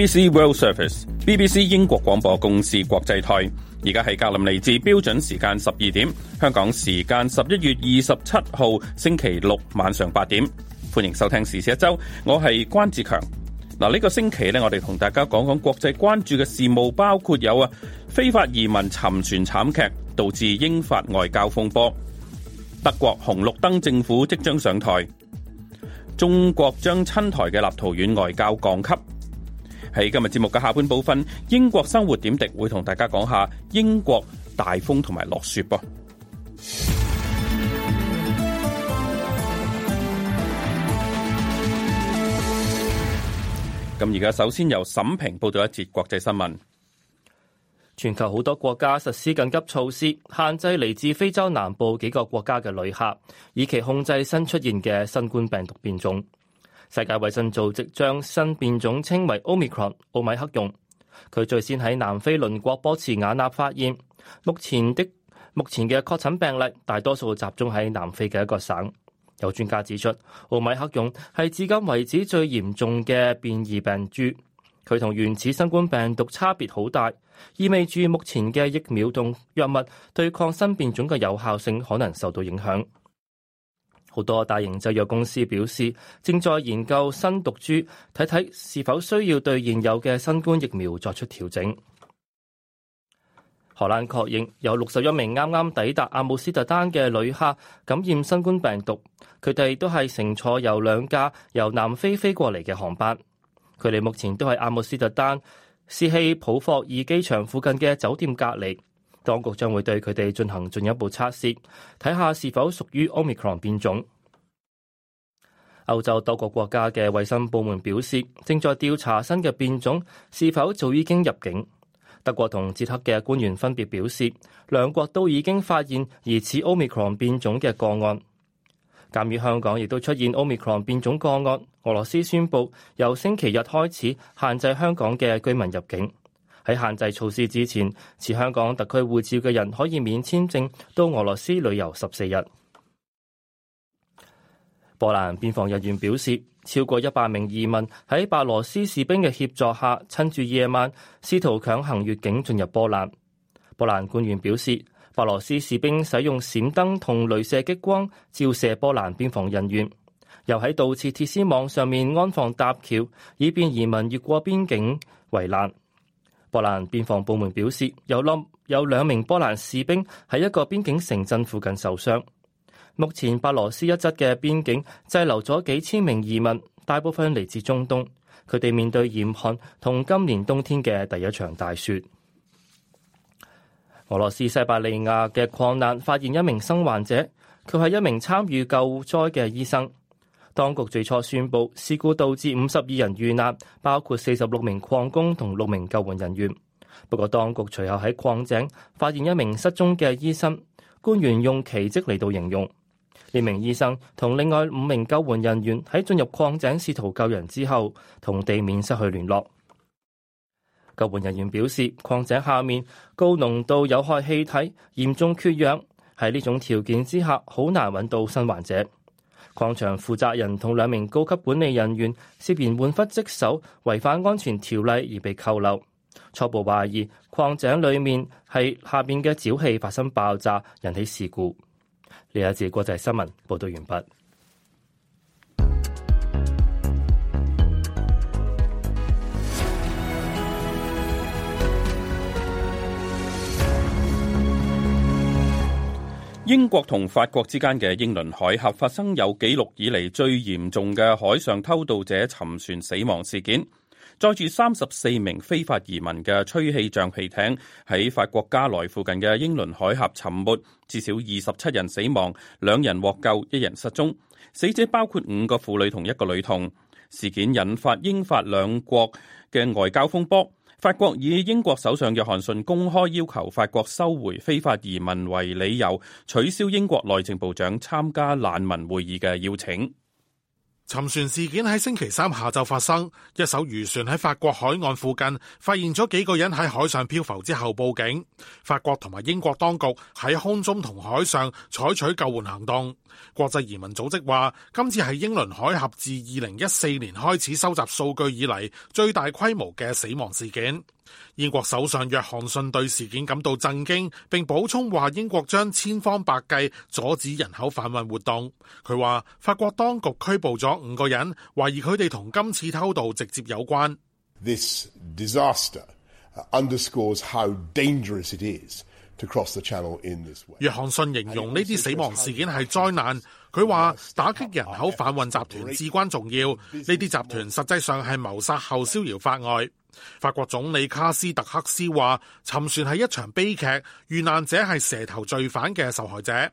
BBC World Service，BBC 英國廣播公司國際台，而家係格林尼治標準時間十二點，香港時間十一月二十七號星期六晚上八點，歡迎收聽時事一周。我係關志強嗱。呢個星期呢，我哋同大家講講國際關注嘅事務，包括有啊非法移民沉船慘劇，導致英法外交風波；德國紅綠燈政府即將上台；中國將親台嘅立陶宛外交降級。喺今日節目嘅下半部分，英國生活點滴會同大家講下英國大風同埋落雪噃。咁而家首先由沈平報道一節國際新聞。全球好多國家實施緊急措施，限制嚟自非洲南部幾個國家嘅旅客，以期控制新出現嘅新冠病毒變種。世界衛生組織將新變種稱為 Omicron，奧米克戎。佢最先喺南非鄰國波茨瓦納發現。目前的目前嘅確診病例大多數集中喺南非嘅一個省。有專家指出，奧米克戎係至今為止最嚴重嘅變異病株。佢同原始新冠病毒差別好大，意味住目前嘅疫苗同藥物對抗新變種嘅有效性可能受到影響。好多大型製藥公司表示，正在研究新毒株，睇睇是否需要對現有嘅新冠疫苗作出調整。荷蘭確認有六十一名啱啱抵達阿姆斯特丹嘅旅客感染新冠病毒，佢哋都係乘坐由兩架由南非飛過嚟嘅航班，佢哋目前都係阿姆斯特丹斯希普霍爾機場附近嘅酒店隔離。當局將會對佢哋進行進一步測試，睇下是否屬於 Omicron 變種。歐洲多個國家嘅衛生部門表示，正在調查新嘅變種是否早已經入境。德國同捷克嘅官員分別表示，兩國都已經發現疑似 Omicron 變種嘅個案。鑒於香港亦都出現 Omicron 變種個案，俄羅斯宣布由星期日開始限制香港嘅居民入境。喺限制措施之前，持香港特區護照嘅人可以免簽證到俄羅斯旅遊十四日。波蘭邊防人員表示，超過一百名移民喺白羅斯士兵嘅協助下，趁住夜晚試圖強行越境進入波蘭。波蘭官員表示，白羅斯士兵使用閃燈同鐳射激光照射波蘭邊防人員，又喺盜切鐵絲網上面安放搭橋，以便移民越過邊境圍欄。波蘭邊防部門表示，有兩有兩名波蘭士兵喺一個邊境城鎮附近受傷。目前，白羅斯一側嘅邊境滯留咗幾千名移民，大部分嚟自中東，佢哋面對嚴寒同今年冬天嘅第一場大雪。俄羅斯西伯利亞嘅礦難發現一名生還者，佢係一名參與救災嘅醫生。當局最初宣佈事故導致五十二人遇難，包括四十六名礦工同六名救援人員。不過當局隨後喺礦井發現一名失蹤嘅醫生，官員用奇跡嚟到形容。呢名醫生同另外五名救援人員喺進入礦井試圖救人之後，同地面失去聯絡。救援人員表示，礦井下面高濃度有害氣體、嚴重缺氧，喺呢種條件之下，好難揾到生還者。礦場負責人同兩名高級管理人員涉嫌玩忽職守、違反安全條例而被扣留。初步懷疑礦井裏面係下面嘅沼氣發生爆炸引起事故。呢一節國際新聞報道完畢。英國同法國之間嘅英倫海峽發生有紀錄以嚟最嚴重嘅海上偷渡者沉船死亡事件，載住三十四名非法移民嘅吹氣橡皮艇喺法國加來附近嘅英倫海峽沉沒，至少二十七人死亡，兩人獲救，一人失蹤。死者包括五個婦女同一個女童。事件引發英法兩國嘅外交風波。法國以英國首相約翰遜公開要求法國收回非法移民為理由，取消英國內政部長參加難民會議嘅邀請。沉船事件喺星期三下晝發生，一艘漁船喺法國海岸附近發現咗幾個人喺海上漂浮之後報警。法國同埋英國當局喺空中同海上採取救援行動。國際移民組織話，今次係英倫海峽自二零一四年開始收集數據以嚟，最大規模嘅死亡事件。英國首相約翰遜對事件感到震驚，並補充話英國將千方百計阻止人口販運活動。佢話法國當局拘捕咗五個人，懷疑佢哋同今次偷渡直接有關。This disaster underscores how dangerous it is to cross the Channel in this way. 約翰遜形容呢啲死亡事件係災難。佢話打擊人口販運集團至關重要，呢啲集團實際上係謀殺後逍遙法外。法國總理卡斯特克斯話：沉船係一場悲劇，遇難者係蛇頭罪犯嘅受害者。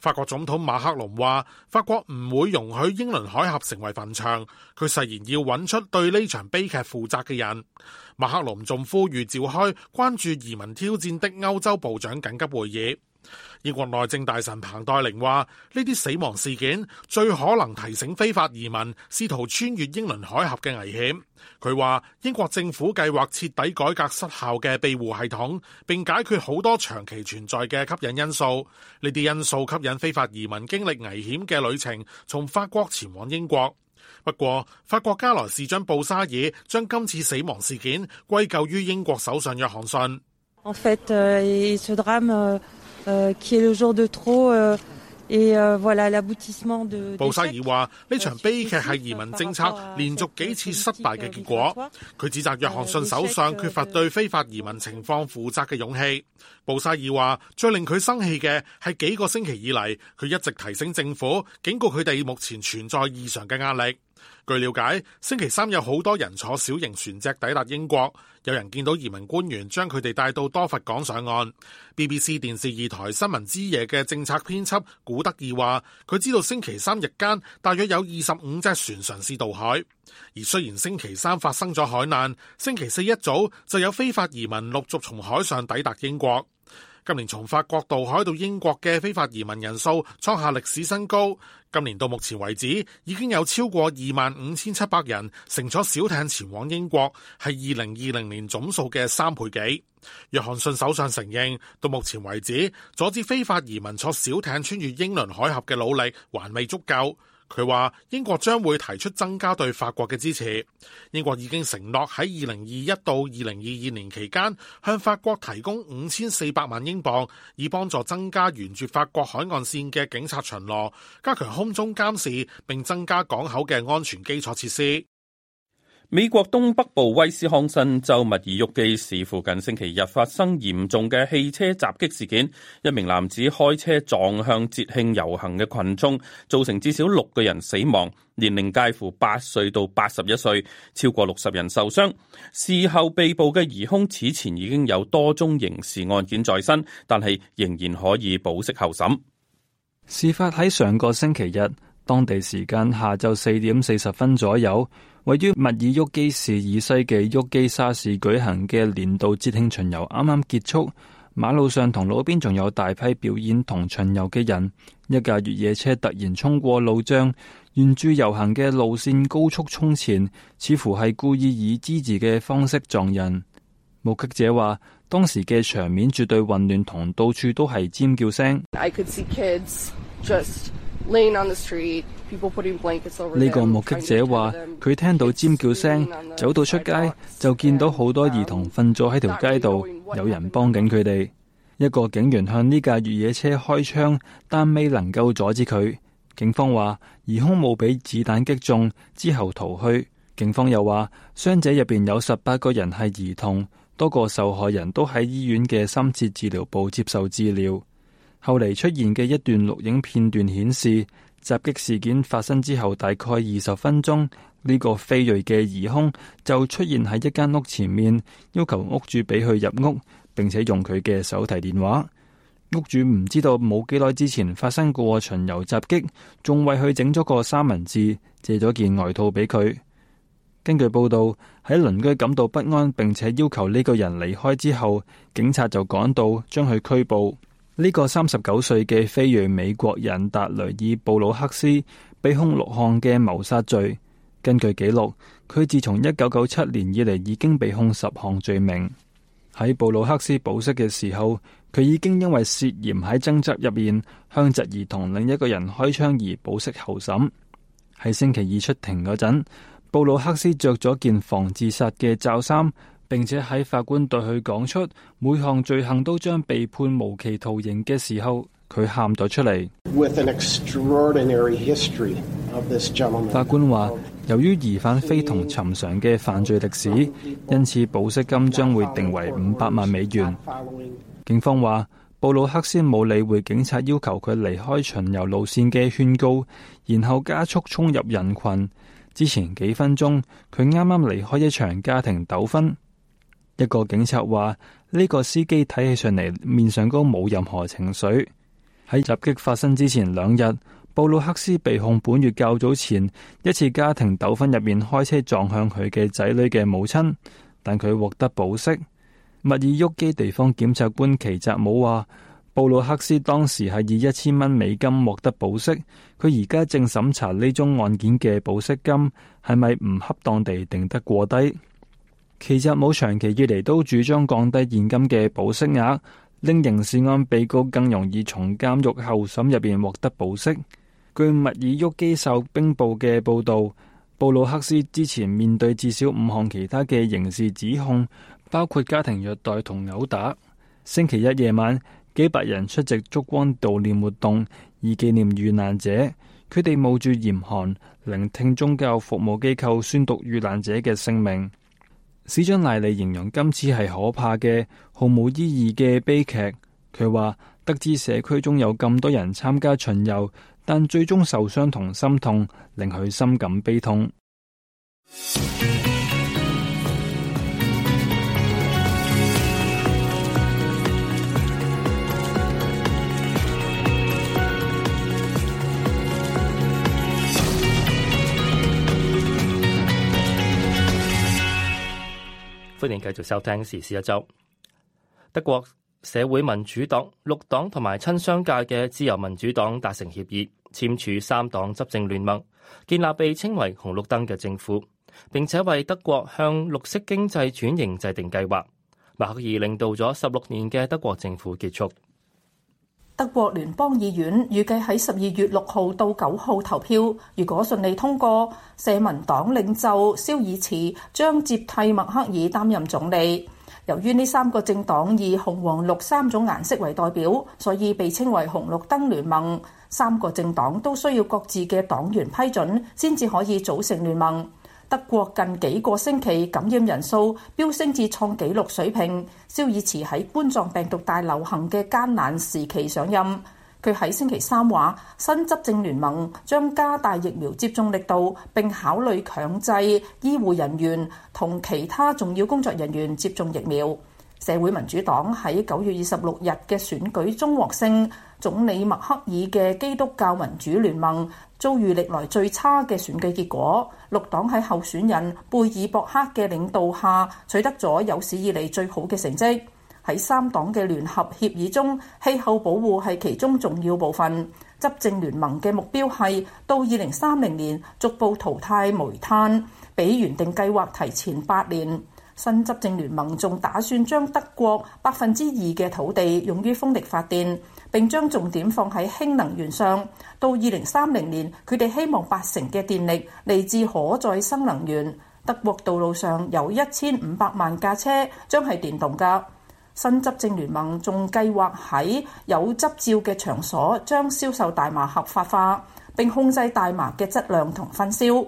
法國總統馬克龍話：法國唔會容許英倫海峽成為墳場，佢誓言要揾出對呢場悲劇負責嘅人。馬克龍仲呼籲召開關注移民挑戰的歐洲部長緊急會議。英國內政大臣彭黛玲話：呢啲死亡事件最可能提醒非法移民試圖穿越英倫海峽嘅危險。佢話英國政府計劃徹底改革失效嘅庇護系統，並解決好多長期存在嘅吸引因素。呢啲因素吸引非法移民經歷危險嘅旅程，從法國前往英國。不過，法國加來市長布沙爾將今次死亡事件歸咎於英國首相約翰遜。布沙爾話，呢場悲劇係移民政策連續幾次失敗嘅結果。佢指責約翰遜首相缺乏對非法移民情況負責嘅勇氣。布沙爾話，最令佢生氣嘅係幾個星期以嚟，佢一直提醒政府警告佢哋目前存在異常嘅壓力。據了解，星期三有好多人坐小型船隻抵達英國。有人見到移民官員將佢哋帶到多佛港上岸。BBC 電視二台新聞之夜嘅政策編輯古德爾話：佢知道星期三日間大約有二十五隻船嘗試渡海，而雖然星期三發生咗海難，星期四一早就有非法移民陸續從海上抵達英國。今年從法國渡海到英國嘅非法移民人數創下歷史新高。今年到目前為止，已經有超過二萬五千七百人乘坐小艇前往英國，係二零二零年總數嘅三倍幾。約翰遜首相承認，到目前為止，阻止非法移民坐小艇穿越英倫海峽嘅努力還未足夠。佢話：英國將會提出增加對法國嘅支持。英國已經承諾喺二零二一到二零二二年期間，向法國提供五千四百萬英鎊，以幫助增加沿住法國海岸線嘅警察巡邏，加強空中監視，並增加港口嘅安全基礎設施。美國東北部威斯康辛州密爾沃基市附近星期日發生嚴重嘅汽車襲擊事件，一名男子開車撞向節慶遊行嘅群眾，造成至少六個人死亡，年齡介乎八歲到八十一歲，超過六十人受傷。事後被捕嘅疑兇此前已經有多宗刑事案件在身，但係仍然可以保釋候審。事發喺上個星期日，當地時間下晝四點四十分左右。位於密爾沃基市以西嘅沃基沙市舉行嘅年度節慶巡遊啱啱結束，馬路上同路邊仲有大批表演同巡遊嘅人。一架越野車突然衝過路障，沿住遊行嘅路線高速衝前，似乎係故意以支持嘅方式撞人。目擊者話，當時嘅場面絕對混亂，同到處都係尖叫聲。I could see kids, just 呢個目擊者話：佢聽到尖叫聲，走到出街就見到好多兒童瞓咗喺條街度，有人幫緊佢哋。一個警員向呢架越野車開槍，但未能夠阻止佢。警方話：疑兇冇俾子彈擊中，之後逃去。警方又話：傷者入邊有十八個人係兒童，多個受害人都喺醫院嘅深切治療部接受治療。後嚟出現嘅一段錄影片段顯示，襲擊事件發生之後大概二十分鐘，呢、這個非裔嘅疑凶就出現喺一間屋前面，要求屋主俾佢入屋，並且用佢嘅手提電話。屋主唔知道冇幾耐之前發生過巡遊襲擊，仲為佢整咗個三文治，借咗件外套俾佢。根據報道，喺鄰居感到不安，並且要求呢個人離開之後，警察就趕到將佢拘捕。呢個三十九歲嘅非裔美國人達雷爾布魯克斯被控六項嘅謀殺罪。根據記錄，佢自從一九九七年以嚟已經被控十項罪名。喺布魯克斯保釋嘅時候，佢已經因為涉嫌喺爭執入面向侄兒同另一個人開槍而保釋候審。喺星期二出庭嗰陣，布魯克斯着咗件防自殺嘅罩衫。並且喺法官對佢講出每項罪行都將被判無期徒刑嘅時候，佢喊咗出嚟。法官話，由於疑犯非同尋常嘅犯罪歷史，因此保釋金將會定為五百萬美元。警方話，布魯克先冇理會警察要求佢離開巡遊路線嘅勸告，然後加速衝入人群。之前幾分鐘，佢啱啱離開一場家庭糾紛。一個警察話：呢個司機睇起上嚟，面上都冇任何情緒。喺襲擊發生之前兩日，布魯克斯被控本月較早前一次家庭糾紛入面開車撞向佢嘅仔女嘅母親，但佢獲得保釋。密爾沃基地方檢察官奇澤姆話：布魯克斯當時係以一千蚊美金獲得保釋，佢而家正審查呢宗案件嘅保釋金係咪唔恰當地定得過低。其實冇長期以嚟，都主張降低現金嘅保釋額，啊，令刑事案被告更容易從監獄候審入邊獲得保釋。據密爾沃基受兵報嘅報道，布魯克斯之前面對至少五項其他嘅刑事指控，包括家庭虐待同毆打。星期一夜晚，幾百人出席燭光悼念活動，以紀念遇難者。佢哋冒住嚴寒，聆聽宗教服務機構宣讀遇難者嘅姓名。市長賴利形容今次係可怕嘅、毫無意義嘅悲劇。佢話得知社區中有咁多人參加巡遊，但最終受傷同心痛，令佢心感悲痛。歡迎繼續收聽時事一周。德國社會民主黨、綠黨同埋親商界嘅自由民主黨達成協議，簽署三黨執政聯盟，建立被稱為紅綠燈嘅政府，並且為德國向綠色經濟轉型制定計劃，默克爾領導咗十六年嘅德國政府結束。德國聯邦議院預計喺十二月六號到九號投票，如果順利通過，社民黨領袖肖爾茨將接替默克爾擔任總理。由於呢三個政黨以紅、黃、綠三種顏色為代表，所以被稱為紅綠燈聯盟。三個政黨都需要各自嘅黨員批准，先至可以組成聯盟。德國近幾個星期感染人數飆升至創紀錄水平。肖爾茨喺冠狀病毒大流行嘅艱難時期上任，佢喺星期三話：新執政聯盟將加大疫苗接種力度，並考慮強制醫護人員同其他重要工作人員接種疫苗。社會民主黨喺九月二十六日嘅選舉中獲勝，總理默克爾嘅基督教民主聯盟遭遇歷來最差嘅選舉結果。綠黨喺候選人貝爾博克嘅領導下取得咗有史以嚟最好嘅成績。喺三黨嘅聯合協議中，氣候保護係其中重要部分。執政聯盟嘅目標係到二零三零年逐步淘汰煤炭，比原定計劃提前八年。新執政聯盟仲打算將德國百分之二嘅土地用於風力發電，並將重點放喺氫能源上。到二零三零年，佢哋希望八成嘅電力嚟自可再生能源。德國道路上有一千五百萬架車將係電動㗎。新執政聯盟仲計劃喺有執照嘅場所將銷售大麻合法化，並控制大麻嘅質量同分銷。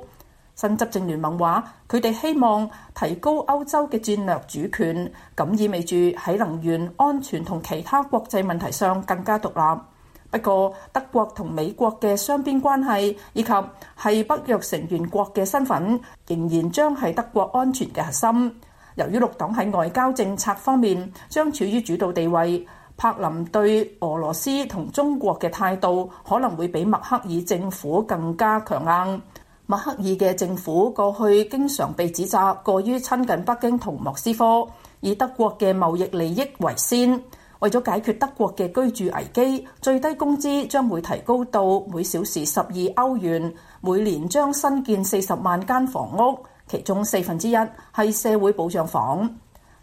新執政聯盟話：佢哋希望提高歐洲嘅戰略主權，咁意味住喺能源安全同其他國際問題上更加獨立。不過，德國同美國嘅雙邊關係以及係北約成員國嘅身份，仍然將係德國安全嘅核心。由於綠黨喺外交政策方面將處於主導地位，柏林對俄羅斯同中國嘅態度可能會比默克爾政府更加強硬。默克爾嘅政府過去經常被指責過於親近北京同莫斯科，以德國嘅貿易利益為先。為咗解決德國嘅居住危機，最低工資將會提高到每小時十二歐元，每年將新建四十萬間房屋，其中四分之一係社會保障房。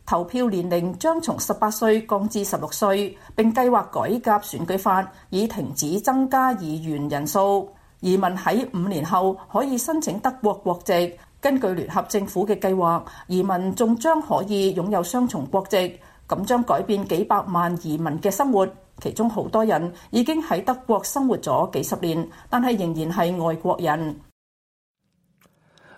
投票年齡將從十八歲降至十六歲，並計劃改革選舉法，以停止增加議員人數。移民喺五年後可以申請德國國籍。根據聯合政府嘅計劃，移民仲將可以擁有雙重國籍，咁將改變幾百萬移民嘅生活。其中好多人已經喺德國生活咗幾十年，但係仍然係外國人。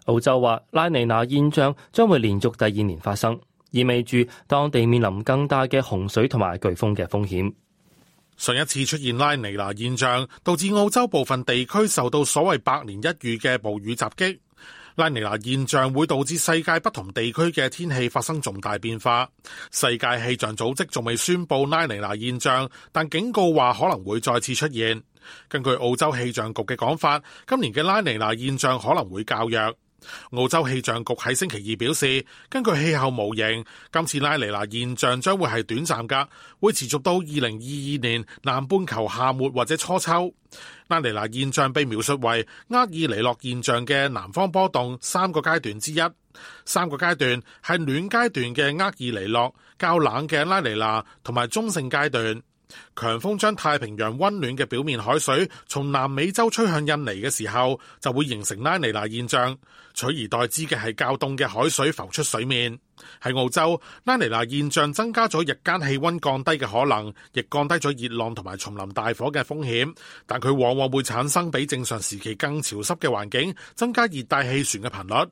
澳洲話拉尼娜現象將會連續第二年發生，意味住當地面臨更大嘅洪水同埋颶風嘅風險。上一次出現拉尼娜現象，導致澳洲部分地區受到所謂百年一遇嘅暴雨襲擊。拉尼娜現象會導致世界不同地區嘅天氣發生重大變化。世界氣象組織仲未宣布拉尼娜現象，但警告話可能會再次出現。根據澳洲氣象局嘅講法，今年嘅拉尼娜現象可能會較弱。澳洲氣象局喺星期二表示，根據氣候模型，今次拉尼娜現象將會係短暫噶，會持續到二零二二年南半球夏末或者初秋。拉尼娜現象被描述為厄爾尼諾現象嘅南方波動三個階段之一。三個階段係暖階段嘅厄爾尼諾、較冷嘅拉尼娜，同埋中性階段。強風將太平洋溫暖嘅表面海水從南美洲吹向印尼嘅時候，就會形成拉尼娜現象，取而代之嘅係較凍嘅海水浮出水面。喺澳洲，拉尼娜現象增加咗日間氣溫降低嘅可能，亦降低咗熱浪同埋叢林大火嘅風險，但佢往往會產生比正常時期更潮濕嘅環境，增加熱帶氣旋嘅頻率。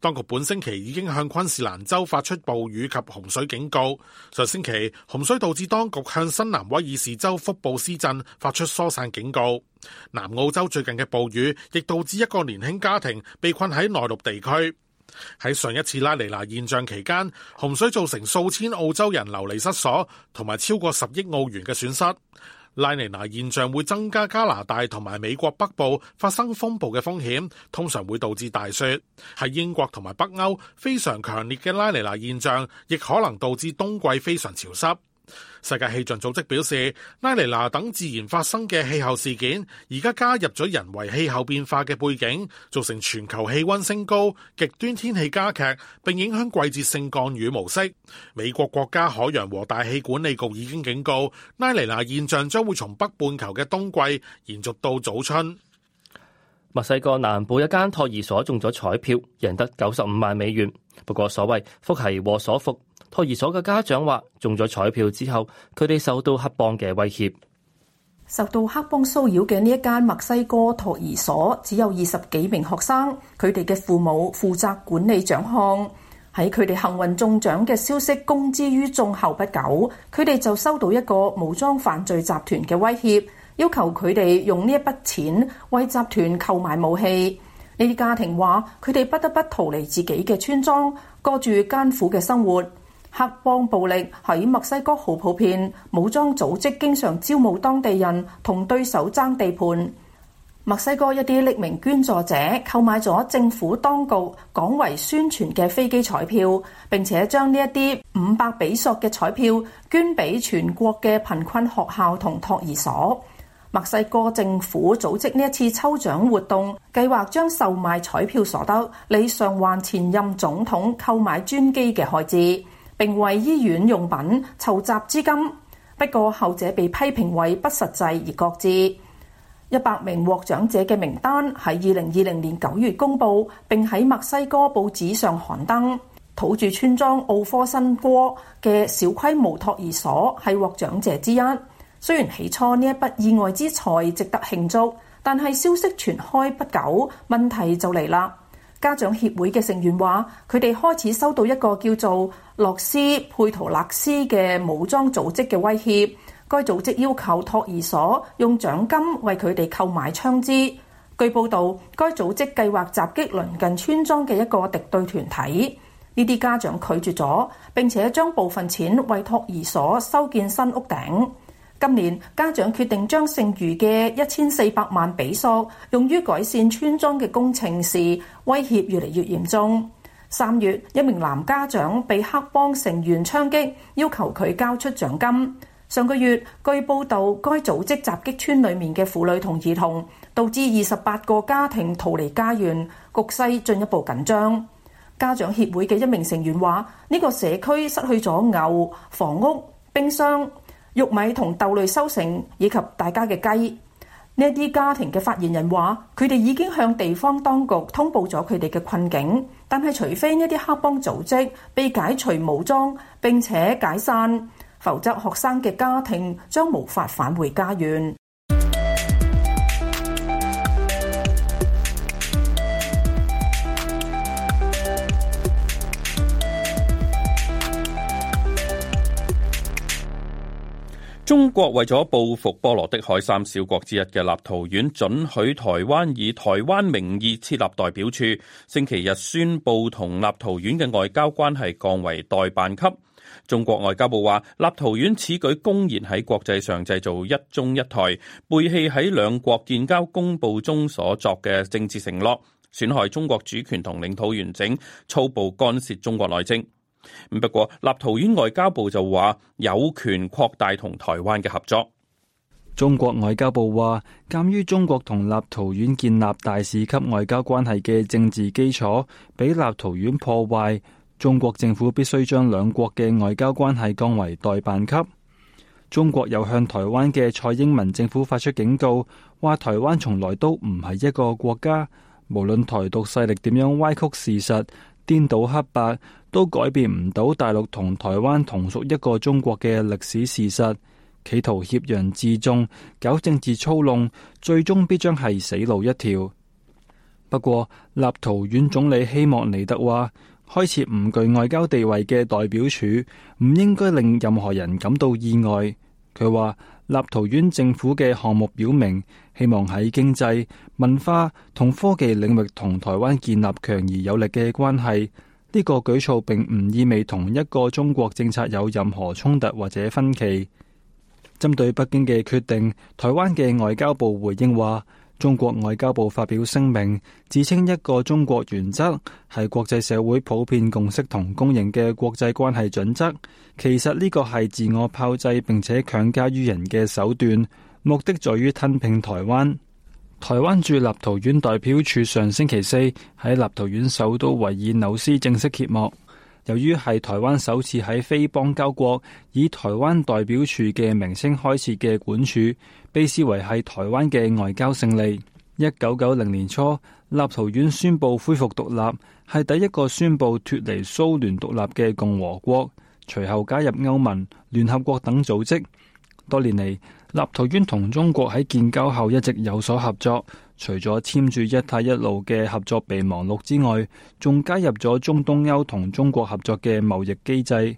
當局本星期已經向昆士蘭州發出暴雨及洪水警告。上星期，洪水導致當局向新南威爾士州福布斯鎮發出疏散警告。南澳洲最近嘅暴雨亦導致一個年輕家庭被困喺內陸地區。喺上一次拉尼娜現象期間，洪水造成數千澳洲人流離失所，同埋超過十億澳元嘅損失。拉尼娜現象會增加加拿大同埋美國北部發生風暴嘅風險，通常會導致大雪。喺英國同埋北歐，非常強烈嘅拉尼娜現象亦可能導致冬季非常潮濕。世界氣象組織表示，拉尼娜等自然發生嘅氣候事件，而家加入咗人為氣候變化嘅背景，造成全球氣溫升高，極端天氣加劇，並影響季節性降雨模式。美國國家海洋和大氣管理局已經警告，拉尼娜現象將會從北半球嘅冬季延續到早春。墨西哥南部一間托兒所中咗彩票，贏得九十五萬美元。不過所謂，所謂福兮禍所伏」。托兒所嘅家長話，中咗彩票之後，佢哋受到黑幫嘅威脅。受到黑幫騷擾嘅呢一間墨西哥托兒所，只有二十幾名學生。佢哋嘅父母負責管理獎項。喺佢哋幸運中獎嘅消息公之於眾後不久，佢哋就收到一個武裝犯罪集團嘅威脅，要求佢哋用呢一筆錢為集團購買武器。呢啲家庭話，佢哋不得不逃離自己嘅村莊，過住艱苦嘅生活。黑幫暴力喺墨西哥好普遍，武裝組織經常招募當地人同對手爭地盤。墨西哥一啲匿名捐助者購買咗政府當局廣為宣傳嘅飛機彩票，並且將呢一啲五百比索嘅彩票捐俾全國嘅貧困學校同托兒所。墨西哥政府組織呢一次抽獎活動，計劃將售賣彩票所得，嚟償還前任總統購買專機嘅開支，並為醫院用品籌集資金，不過後者被批評為不實際而擱置。一百名獲獎者嘅名單喺二零二零年九月公佈，並喺墨西哥報紙上刊登。土著村莊奧科辛戈嘅小規模托兒所係獲獎者之一。雖然起初呢一筆意外之財值得慶祝，但係消息傳開不久，問題就嚟啦。家長協會嘅成員話，佢哋開始收到一個叫做洛斯佩圖勒斯嘅武裝組織嘅威脅。該組織要求托兒所用獎金為佢哋購買槍支。據報道，該組織計劃襲擊鄰近村莊嘅一個敵對團體。呢啲家長拒絕咗，並且將部分錢為托兒所修建新屋頂。今年家長決定將剩餘嘅一千四百萬比索用於改善村莊嘅工程時，威脅越嚟越嚴重。三月，一名男家長被黑幫成員槍擊，要求佢交出獎金。上個月，據報導，該組織襲擊村裏面嘅婦女同兒童，導致二十八個家庭逃離家園，局勢進一步緊張。家長協會嘅一名成員話，呢個社區失去咗牛、房屋、冰箱。玉米同豆類收成，以及大家嘅雞。呢啲家庭嘅發言人話，佢哋已經向地方當局通報咗佢哋嘅困境，但係除非呢啲黑幫組織被解除武裝並且解散，否則學生嘅家庭將無法返回家園。中國為咗報復波羅的海三小國之一嘅立陶宛，准許台灣以台灣名義設立代表處。星期日宣布同立陶宛嘅外交關係降為代辦級。中國外交部話，立陶宛此舉公然喺國際上製造一中一台，背棄喺兩國建交公報中所作嘅政治承諾，損害中國主權同領土完整，粗暴干涉中國內政。不過，立陶宛外交部就話有權擴大同台灣嘅合作。中國外交部話，鑒於中國同立陶宛建立大使級外交關係嘅政治基礎被立陶宛破壞，中國政府必須將兩國嘅外交關係降為代辦級。中國又向台灣嘅蔡英文政府發出警告，話台灣從來都唔係一個國家，無論台獨勢力點樣歪曲事實、顛倒黑白。都改變唔到大陸同台灣同屬一個中國嘅歷史事實，企圖挾洋自重、搞政治操弄，最終必將係死路一條。不過，立陶宛總理希莫尼特話開設唔具外交地位嘅代表處，唔應該令任何人感到意外。佢話立陶宛政府嘅項目表明，希望喺經濟、文化同科技領域同台灣建立強而有力嘅關係。呢個舉措並唔意味同一個中國政策有任何衝突或者分歧。針對北京嘅決定，台灣嘅外交部回應話：中國外交部發表聲明，自稱一個中國原則係國際社會普遍共識同公認嘅國際關係準則。其實呢個係自我炮製並且強加於人嘅手段，目的在於吞併台灣。台灣駐立陶宛代表處上星期四喺立陶宛首都維爾紐斯正式揭幕。由於係台灣首次喺非邦交國以台灣代表處嘅名稱開設嘅館處，被視為係台灣嘅外交勝利。一九九零年初，立陶宛宣布恢復獨立，係第一個宣布脫離蘇聯獨立嘅共和國，隨後加入歐盟、聯合國等組織。多年嚟，立陶宛同中國喺建交後一直有所合作，除咗簽署一帶一路嘅合作備忘錄之外，仲加入咗中東歐同中國合作嘅貿易機制。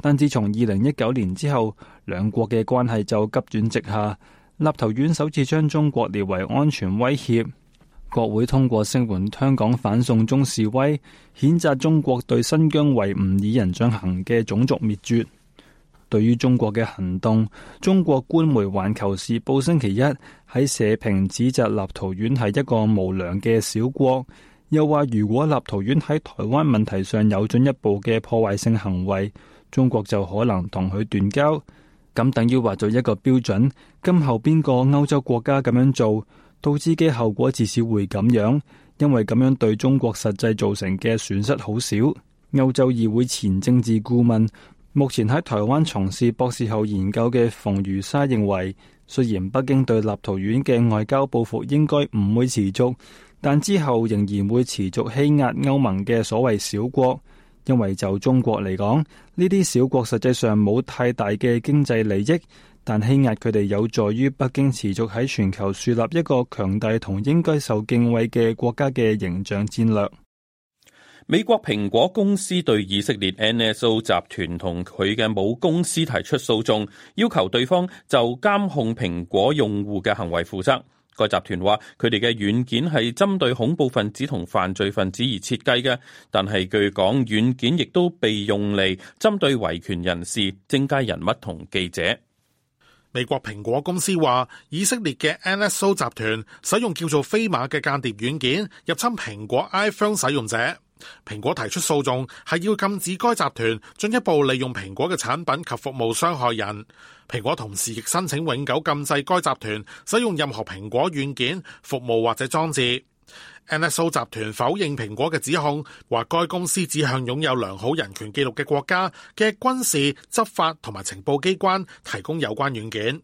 但自從二零一九年之後，兩國嘅關係就急轉直下，立陶宛首次將中國列為安全威脅。國會通過聲援香港反送中示威，譴責中國對新疆維吾爾人進行嘅種族滅絕。對於中國嘅行動，中國官媒《環球時報》星期一喺社評指責立陶宛係一個無良嘅小國，又話如果立陶宛喺台灣問題上有進一步嘅破壞性行為，中國就可能同佢斷交，咁等於劃咗一個標準。今後邊個歐洲國家咁樣做，導致嘅後果至少會咁樣，因為咁樣對中國實際造成嘅損失好少。歐洲議會前政治顧問。目前喺台灣從事博士後研究嘅馮如沙認為，雖然北京對立陶宛嘅外交報復應該唔會持續，但之後仍然會持續欺壓歐盟嘅所謂小國，因為就中國嚟講，呢啲小國實際上冇太大嘅經濟利益，但欺壓佢哋有助於北京持續喺全球樹立一個強大同應該受敬畏嘅國家嘅形象戰略。美國蘋果公司對以色列 NSO 集團同佢嘅母公司提出訴訟，要求對方就監控蘋果用戶嘅行為負責。該集團話佢哋嘅軟件係針對恐怖分子同犯罪分子而設計嘅，但係據講軟件亦都被用嚟針對維權人士、政界人物同記者。美國蘋果公司話，以色列嘅 NSO 集團使用叫做飛馬嘅間諜軟件入侵蘋果 iPhone 使用者。蘋果提出訴訟，係要禁止該集團進一步利用蘋果嘅產品及服務傷害人。蘋果同時亦申請永久禁制該集團使用任何蘋果軟件、服務或者裝置。NSO 集團否認蘋果嘅指控，話該公司只向擁有良好人權紀錄嘅國家嘅軍事、執法同埋情報機關提供有關軟件。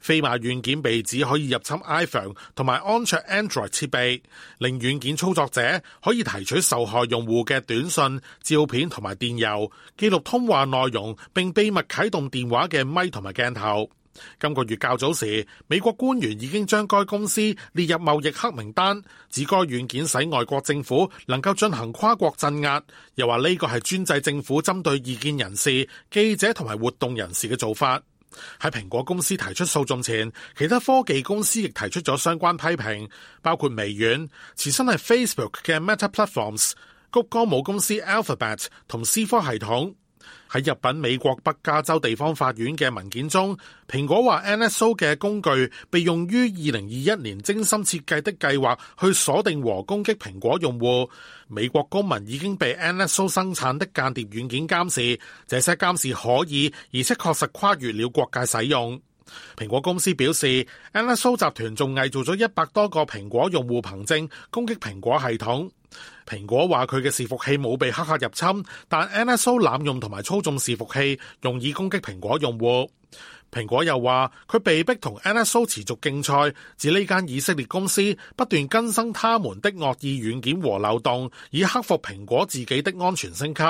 飛馬軟件被指可以入侵 iPhone 同埋安卓 Android 設備，令軟件操作者可以提取受害用戶嘅短信、照片同埋電郵，記錄通話內容，並秘密啟動電話嘅咪同埋鏡頭。今個月較早時，美國官員已經將該公司列入貿易黑名單，指該軟件使外國政府能夠進行跨國鎮壓，又話呢個係專制政府針對異見人士、記者同埋活動人士嘅做法。喺蘋果公司提出訴訟前，其他科技公司亦提出咗相關批評，包括微軟、前身係 Facebook 嘅 Meta Platforms、谷歌母公司 Alphabet 同思科系統。喺入稟美國北加州地方法院嘅文件中，蘋果話 NSO 嘅工具被用於二零二一年精心設計的計劃去鎖定和攻擊蘋果用戶。美國公民已經被 NSO 生產的間諜軟件監視，這些監視可以而且確實跨越了國界使用。蘋果公司表示，NSO 集團仲偽造咗一百多個蘋果用戶憑證攻擊蘋果系統。蘋果話佢嘅伺服器冇被黑客入侵，但 NSO 濫用同埋操縱伺服器，容易攻擊蘋果用戶。蘋果又話佢被逼同 NSO 持續競賽，指呢間以色列公司不斷更新他們的惡意軟件和漏洞，以克服蘋果自己的安全升級。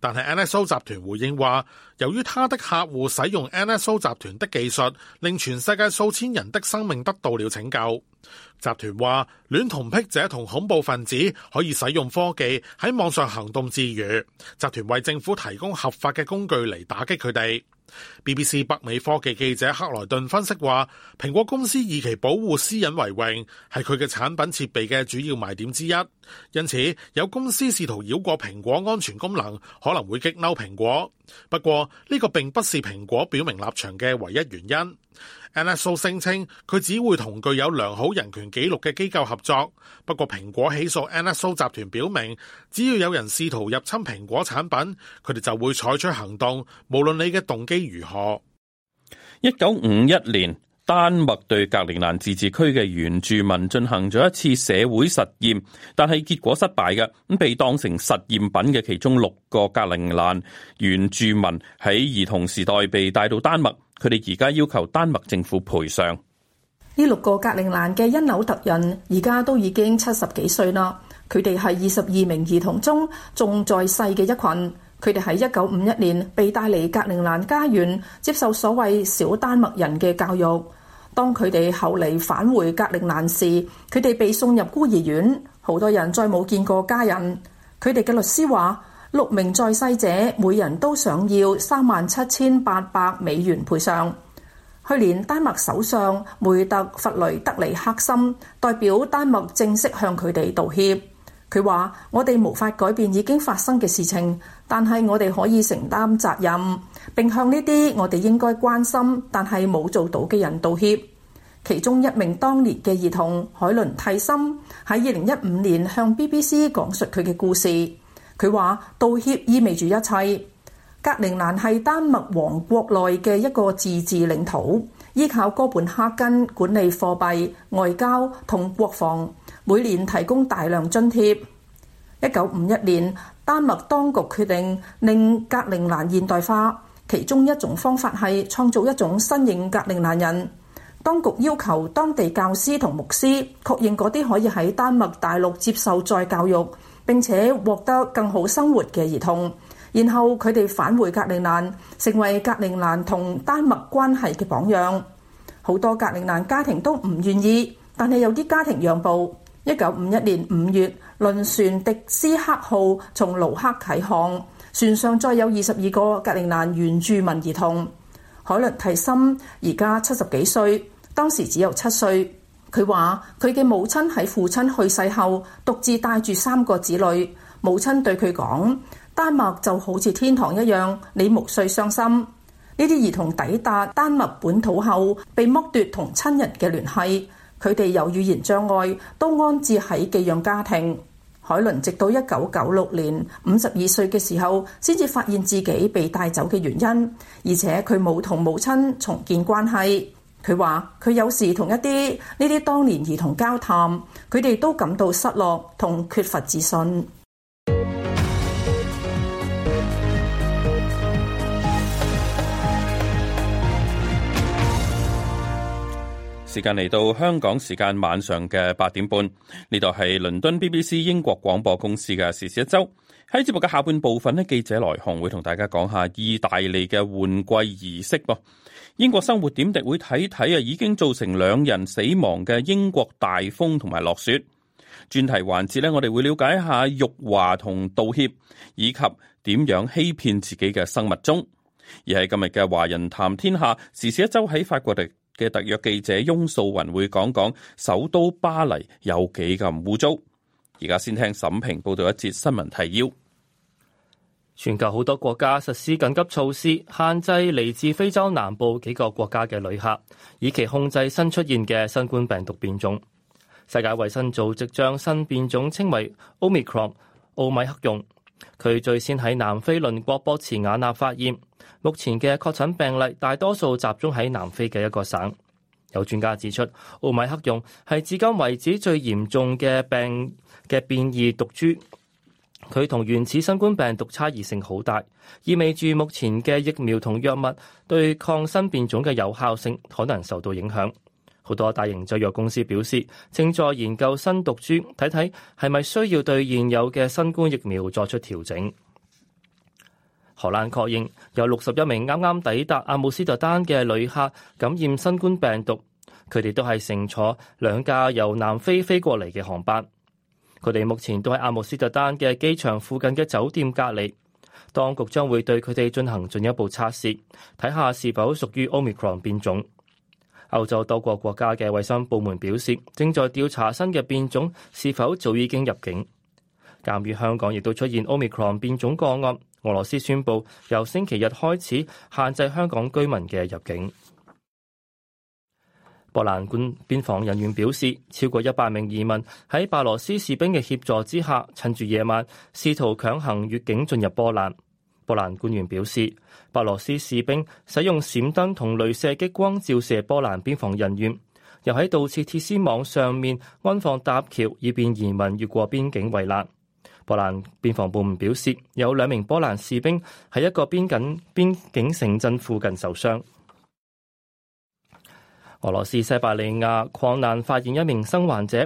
但係 NSO 集團回應話，由於他的客戶使用 NSO 集團的技術，令全世界數千人的生命得到了拯救。集團話，戀童癖者同恐怖分子可以使用科技喺網上行動自如。集團為政府提供合法嘅工具嚟打擊佢哋。BBC 北美科技記者克萊頓分析話，蘋果公司以其保護私隱為榮，係佢嘅產品設備嘅主要賣點之一。因此，有公司試圖繞過蘋果安全功能，可能會激嬲蘋果。不過，呢個並不是蘋果表明立場嘅唯一原因。NSO 聲稱佢只會同具有良好人權紀錄嘅機構合作。不過蘋果起訴 NSO 集團，表明只要有人試圖入侵蘋果產品，佢哋就會採取行動，無論你嘅動機如何。一九五一年，丹麥對格陵蘭自治區嘅原住民進行咗一次社會實驗，但係結果失敗嘅咁，被當成實驗品嘅其中六個格陵蘭原住民喺兒童時代被帶到丹麥。佢哋而家要求丹麥政府賠償。呢六個格陵蘭嘅因紐特人而家都已經七十幾歲啦。佢哋係二十二名兒童中仲在世嘅一群。佢哋喺一九五一年被帶嚟格陵蘭家園接受所謂小丹麥人嘅教育。當佢哋後嚟返回格陵蘭時，佢哋被送入孤兒院，好多人再冇見過家人。佢哋嘅律師話。六名在世者每人都想要三萬七千八百美元賠償。去年丹麥首相梅特·弗雷德里克森代表丹麥正式向佢哋道歉。佢話：我哋無法改變已經發生嘅事情，但係我哋可以承擔責任，並向呢啲我哋應該關心但係冇做到嘅人道歉。其中一名當年嘅兒童海倫蒂森喺二零一五年向 BBC 講述佢嘅故事。佢話道歉意味住一切。格陵蘭係丹麥王國內嘅一個自治領土，依靠哥本哈根管理貨幣、外交同國防，每年提供大量津貼。一九五一年，丹麥當局決定令格陵蘭現代化，其中一種方法係創造一種新型格陵蘭人。當局要求當地教師同牧師確認嗰啲可以喺丹麥大陸接受再教育。並且獲得更好生活嘅兒童，然後佢哋返回格陵蘭，成為格陵蘭同丹麥關係嘅榜樣。好多格陵蘭家庭都唔願意，但係有啲家庭讓步。一九五一年五月，輪船迪斯克號從盧克啟航，船上再有二十二個格陵蘭原住民兒童。海倫提森而家七十幾歲，當時只有七歲。佢話佢嘅母親喺父親去世後，獨自帶住三個子女。母親對佢講，丹麥就好似天堂一樣，你無需傷心。呢啲兒童抵達丹麥本土後，被剝奪同親人嘅聯繫，佢哋有語言障礙，都安置喺寄養家庭。海倫直到一九九六年五十二歲嘅時候，先至發現自己被帶走嘅原因，而且佢冇同母親重建關係。佢話：佢有時同一啲呢啲當年兒童交談，佢哋都感到失落同缺乏自信。時間嚟到香港時間晚上嘅八點半，呢度係倫敦 BBC 英國廣播公司嘅時事一周。喺節目嘅下半部分咧，記者來鴻會同大家講下意大利嘅換季儀式噃。英國生活點滴會睇睇啊，已經造成兩人死亡嘅英國大風同埋落雪。專題環節咧，我哋會了解一下辱華同道歉，以及點樣欺騙自己嘅生物鐘。而喺今日嘅華人談天下，時事一周喺法國地嘅特約記者翁素雲會講講首都巴黎有幾咁污糟。而家先聽沈平報道一節新聞提要。全球好多國家實施緊急措施，限制嚟自非洲南部幾個國家嘅旅客，以期控制新出現嘅新冠病毒變種。世界衛生組織將新變種稱為 Omicron，奧米克戎，佢最先喺南非鄰國博茨瓦納發現，目前嘅確診病例大多數集中喺南非嘅一個省。有專家指出，奧米克戎係至今為止最嚴重嘅病嘅變異毒株。佢同原始新冠病毒差異性好大，意味住目前嘅疫苗同藥物對抗新變種嘅有效性可能受到影響。好多大型製藥公司表示正在研究新毒株，睇睇係咪需要對現有嘅新冠疫苗作出調整。荷蘭確認有六十一名啱啱抵達阿姆斯特丹嘅旅客感染新冠病毒，佢哋都係乘坐兩架由南非飛過嚟嘅航班。佢哋目前都喺阿姆斯特丹嘅機場附近嘅酒店隔離，當局將會對佢哋進行進一步測試，睇下，是否屬於 omicron 變種。歐洲多個國家嘅衛生部門表示，正在調查新嘅變種是否早已經入境。鑒於香港亦都出現 omicron 變種個案，俄羅斯宣布由星期日開始限制香港居民嘅入境。波蘭邊防人員表示，超過一百名移民喺白羅斯士兵嘅協助之下，趁住夜晚試圖強行越境進入波蘭。波蘭官員表示，白羅斯士兵使用閃燈同鐳射激光照射波蘭邊防人員，又喺倒刺鐵絲網上面安放搭橋，以便移民越過邊境圍欄。波蘭邊防部門表示，有兩名波蘭士兵喺一個邊境邊境城鎮附近受傷。俄羅斯西伯利亞礦難發現一名生還者，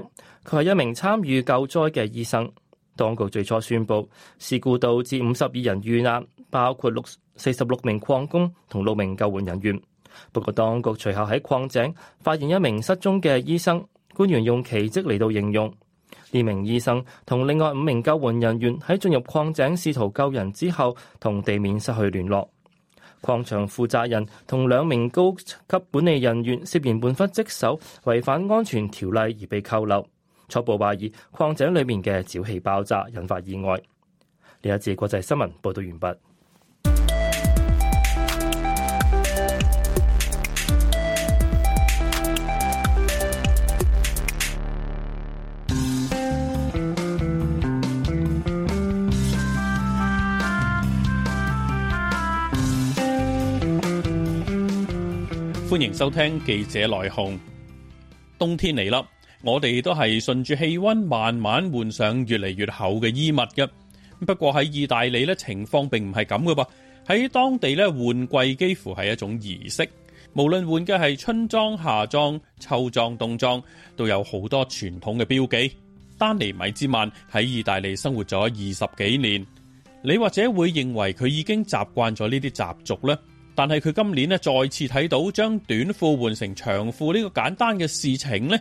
佢係一名參與救災嘅醫生。當局最初宣布，事故導致五十二人遇難，包括六四十六名礦工同六名救援人員。不過當局隨後喺礦井發現一名失蹤嘅醫生，官員用奇蹟嚟到形容。呢名醫生同另外五名救援人員喺進入礦井試圖救人之後，同地面失去聯絡。礦場負責人同兩名高級管理人員涉嫌玩忽職守、違反安全條例，而被扣留，初步懷疑礦井裏面嘅沼氣爆炸引發意外。呢一節國際新聞報道完畢。歡迎收聽記者來鴻。冬天嚟啦，我哋都係順住氣溫慢慢換上越嚟越厚嘅衣物嘅。不過喺意大利咧，情況並唔係咁噶噃。喺當地咧，換季幾乎係一種儀式，無論換嘅係春裝、夏裝、秋裝、冬裝，都有好多傳統嘅標記。丹尼米之曼喺意大利生活咗二十幾年，你或者會認為佢已經習慣咗呢啲習俗呢。但係佢今年咧，再次睇到將短褲換成長褲呢個簡單嘅事情呢，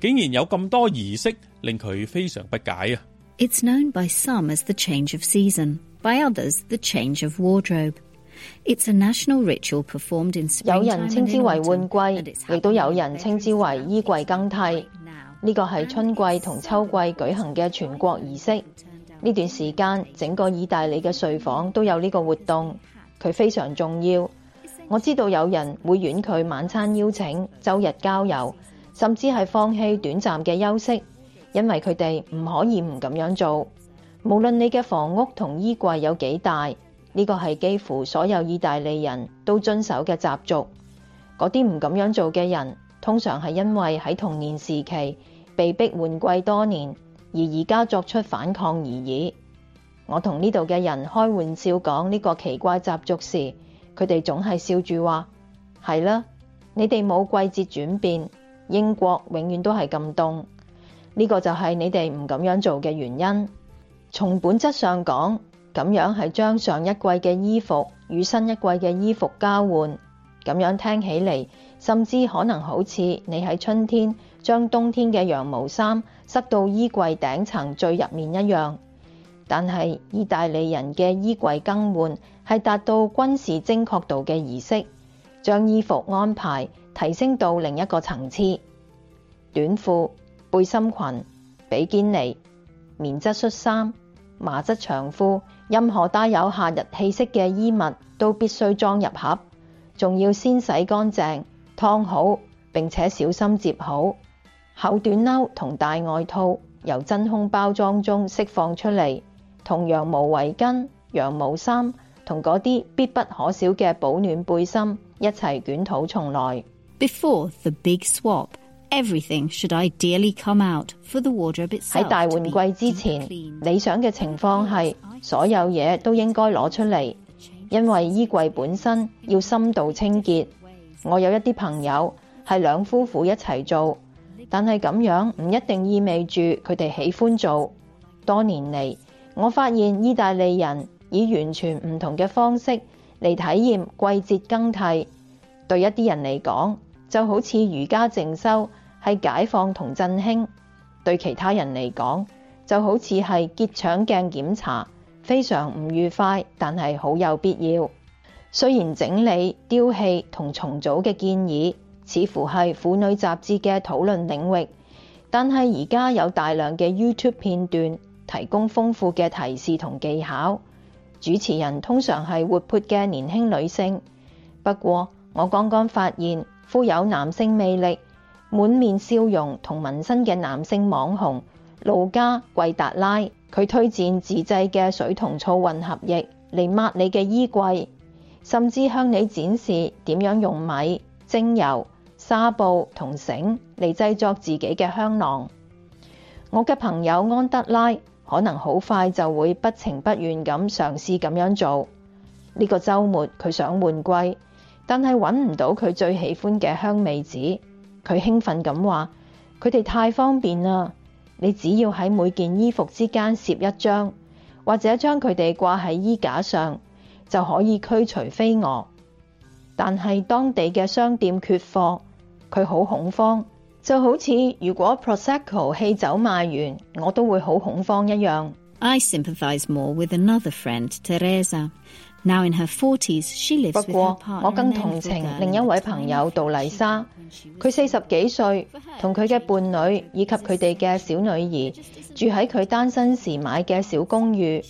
竟然有咁多儀式，令佢非常不解啊！It's known by some as the change of season, by others the change of wardrobe. It's a national ritual performed in springtime. 有人稱之為換季，亦都有人稱之為衣櫃更替。呢個係春季同秋季舉行嘅全國儀式。呢段時間，整個意大利嘅睡房都有呢個活動。佢非常重要。我知道有人會婉拒晚餐邀請、周日郊遊，甚至係放棄短暫嘅休息，因為佢哋唔可以唔咁樣做。無論你嘅房屋同衣櫃有幾大，呢個係幾乎所有意大利人都遵守嘅習俗。嗰啲唔咁樣做嘅人，通常係因為喺童年時期被逼換季多年，而而家作出反抗而已。我同呢度嘅人開玩笑講呢個奇怪習俗時，佢哋總係笑住話：係啦，你哋冇季節轉變，英國永遠都係咁凍，呢個就係你哋唔咁樣做嘅原因。從本質上講，咁樣係將上一季嘅衣服與新一季嘅衣服交換，咁樣聽起嚟，甚至可能好似你喺春天將冬天嘅羊毛衫塞到衣櫃頂層最入面一樣。但係，意大利人嘅衣櫃更換係達到軍事精確度嘅儀式，將衣服安排提升到另一個層次。短褲、背心裙、比堅尼、棉質恤衫、麻質長褲，任何帶有夏日氣息嘅衣物都必須裝入盒，仲要先洗乾淨、熨好，並且小心摺好。厚短褸同大外套由真空包裝中釋放出嚟。同羊毛圍巾、羊毛衫同嗰啲必不可少嘅保暖背心一齊捲土重來。Before the big swap, everything should ideally come out for the wardrobe itself. 喺大換季之前，理想嘅情況係所有嘢都應該攞出嚟，因為衣櫃本身要深度清潔。我有一啲朋友係兩夫婦一齊做，但係咁樣唔一定意味住佢哋喜歡做。多年嚟。我發現意大利人以完全唔同嘅方式嚟體驗季節更替。對一啲人嚟講，就好似瑜伽靜修係解放同振興；對其他人嚟講，就好似係結腸鏡檢查，非常唔愉快，但係好有必要。雖然整理、丟棄同重組嘅建議，似乎係婦女雜誌嘅討論領域，但係而家有大量嘅 YouTube 片段。提供豐富嘅提示同技巧，主持人通常係活潑嘅年輕女性。不過，我剛剛發現，富有男性魅力、滿面笑容同紋身嘅男性網紅盧家貴達拉，佢推薦自製嘅水同醋混合液嚟抹你嘅衣櫃，甚至向你展示點樣用米、精油、紗布同繩嚟製作自己嘅香囊。我嘅朋友安德拉。可能好快就會不情不願咁嘗試咁樣做。呢、這個周末佢想換季，但係揾唔到佢最喜歡嘅香味紙。佢興奮咁話：佢哋太方便啦！你只要喺每件衣服之間攝一張，或者將佢哋掛喺衣架上，就可以驅除飛蛾。但係當地嘅商店缺貨，佢好恐慌。就好似如果 Prosecco 汽酒賣完，我都會好恐慌一樣。I sympathise more with another friend Teresa. Now in her forties, she lives. 不過我更同情另一位朋友杜麗莎。佢四十幾歲，同佢嘅伴侶以及佢哋嘅小女兒住喺佢單身時買嘅小公寓。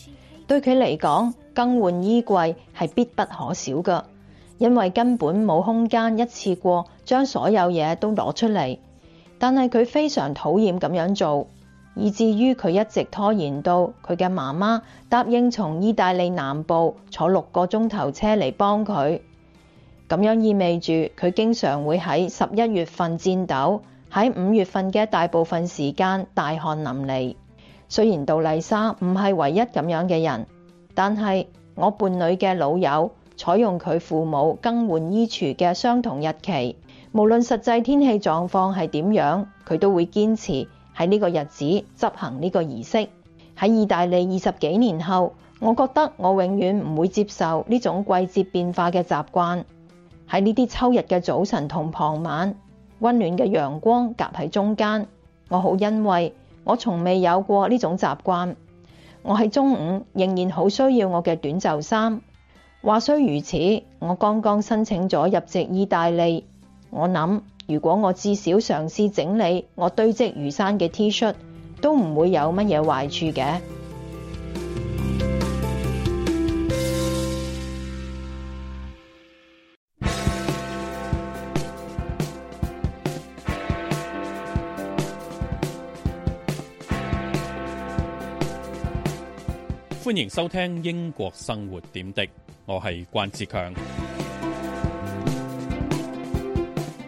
對佢嚟講，更換衣櫃係必不可少噶，因為根本冇空間一次過將所有嘢都攞出嚟。但係佢非常討厭咁樣做，以至於佢一直拖延到佢嘅媽媽答應從意大利南部坐六個鐘頭車嚟幫佢。咁樣意味住佢經常會喺十一月份顫抖，喺五月份嘅大部分時間大汗淋漓。雖然杜麗莎唔係唯一咁樣嘅人，但係我伴侶嘅老友採用佢父母更換衣櫥嘅相同日期。無論實際天氣狀況係點樣，佢都會堅持喺呢個日子執行呢個儀式。喺意大利二十幾年後，我覺得我永遠唔會接受呢種季節變化嘅習慣。喺呢啲秋日嘅早晨同傍晚，溫暖嘅陽光夾喺中間，我好欣慰我從未有過呢種習慣。我喺中午仍然好需要我嘅短袖衫。話雖如此，我剛剛申請咗入籍意大利。我諗，如果我至少嘗試整理我堆積如山嘅 T 恤，都唔會有乜嘢壞處嘅。歡迎收聽《英國生活點滴》，我係關志強。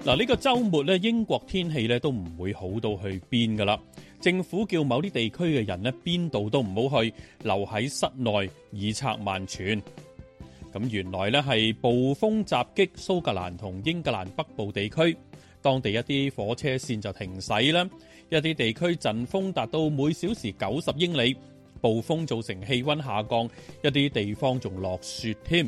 嗱，呢個周末咧，英國天氣咧都唔會好到去邊噶啦。政府叫某啲地區嘅人呢邊度都唔好去，留喺室內以策萬全。咁原來呢係暴風襲擊蘇格蘭同英格蘭北部地區，當地一啲火車綫就停駛啦，一啲地區陣風達到每小時九十英里，暴風造成氣溫下降，一啲地方仲落雪添。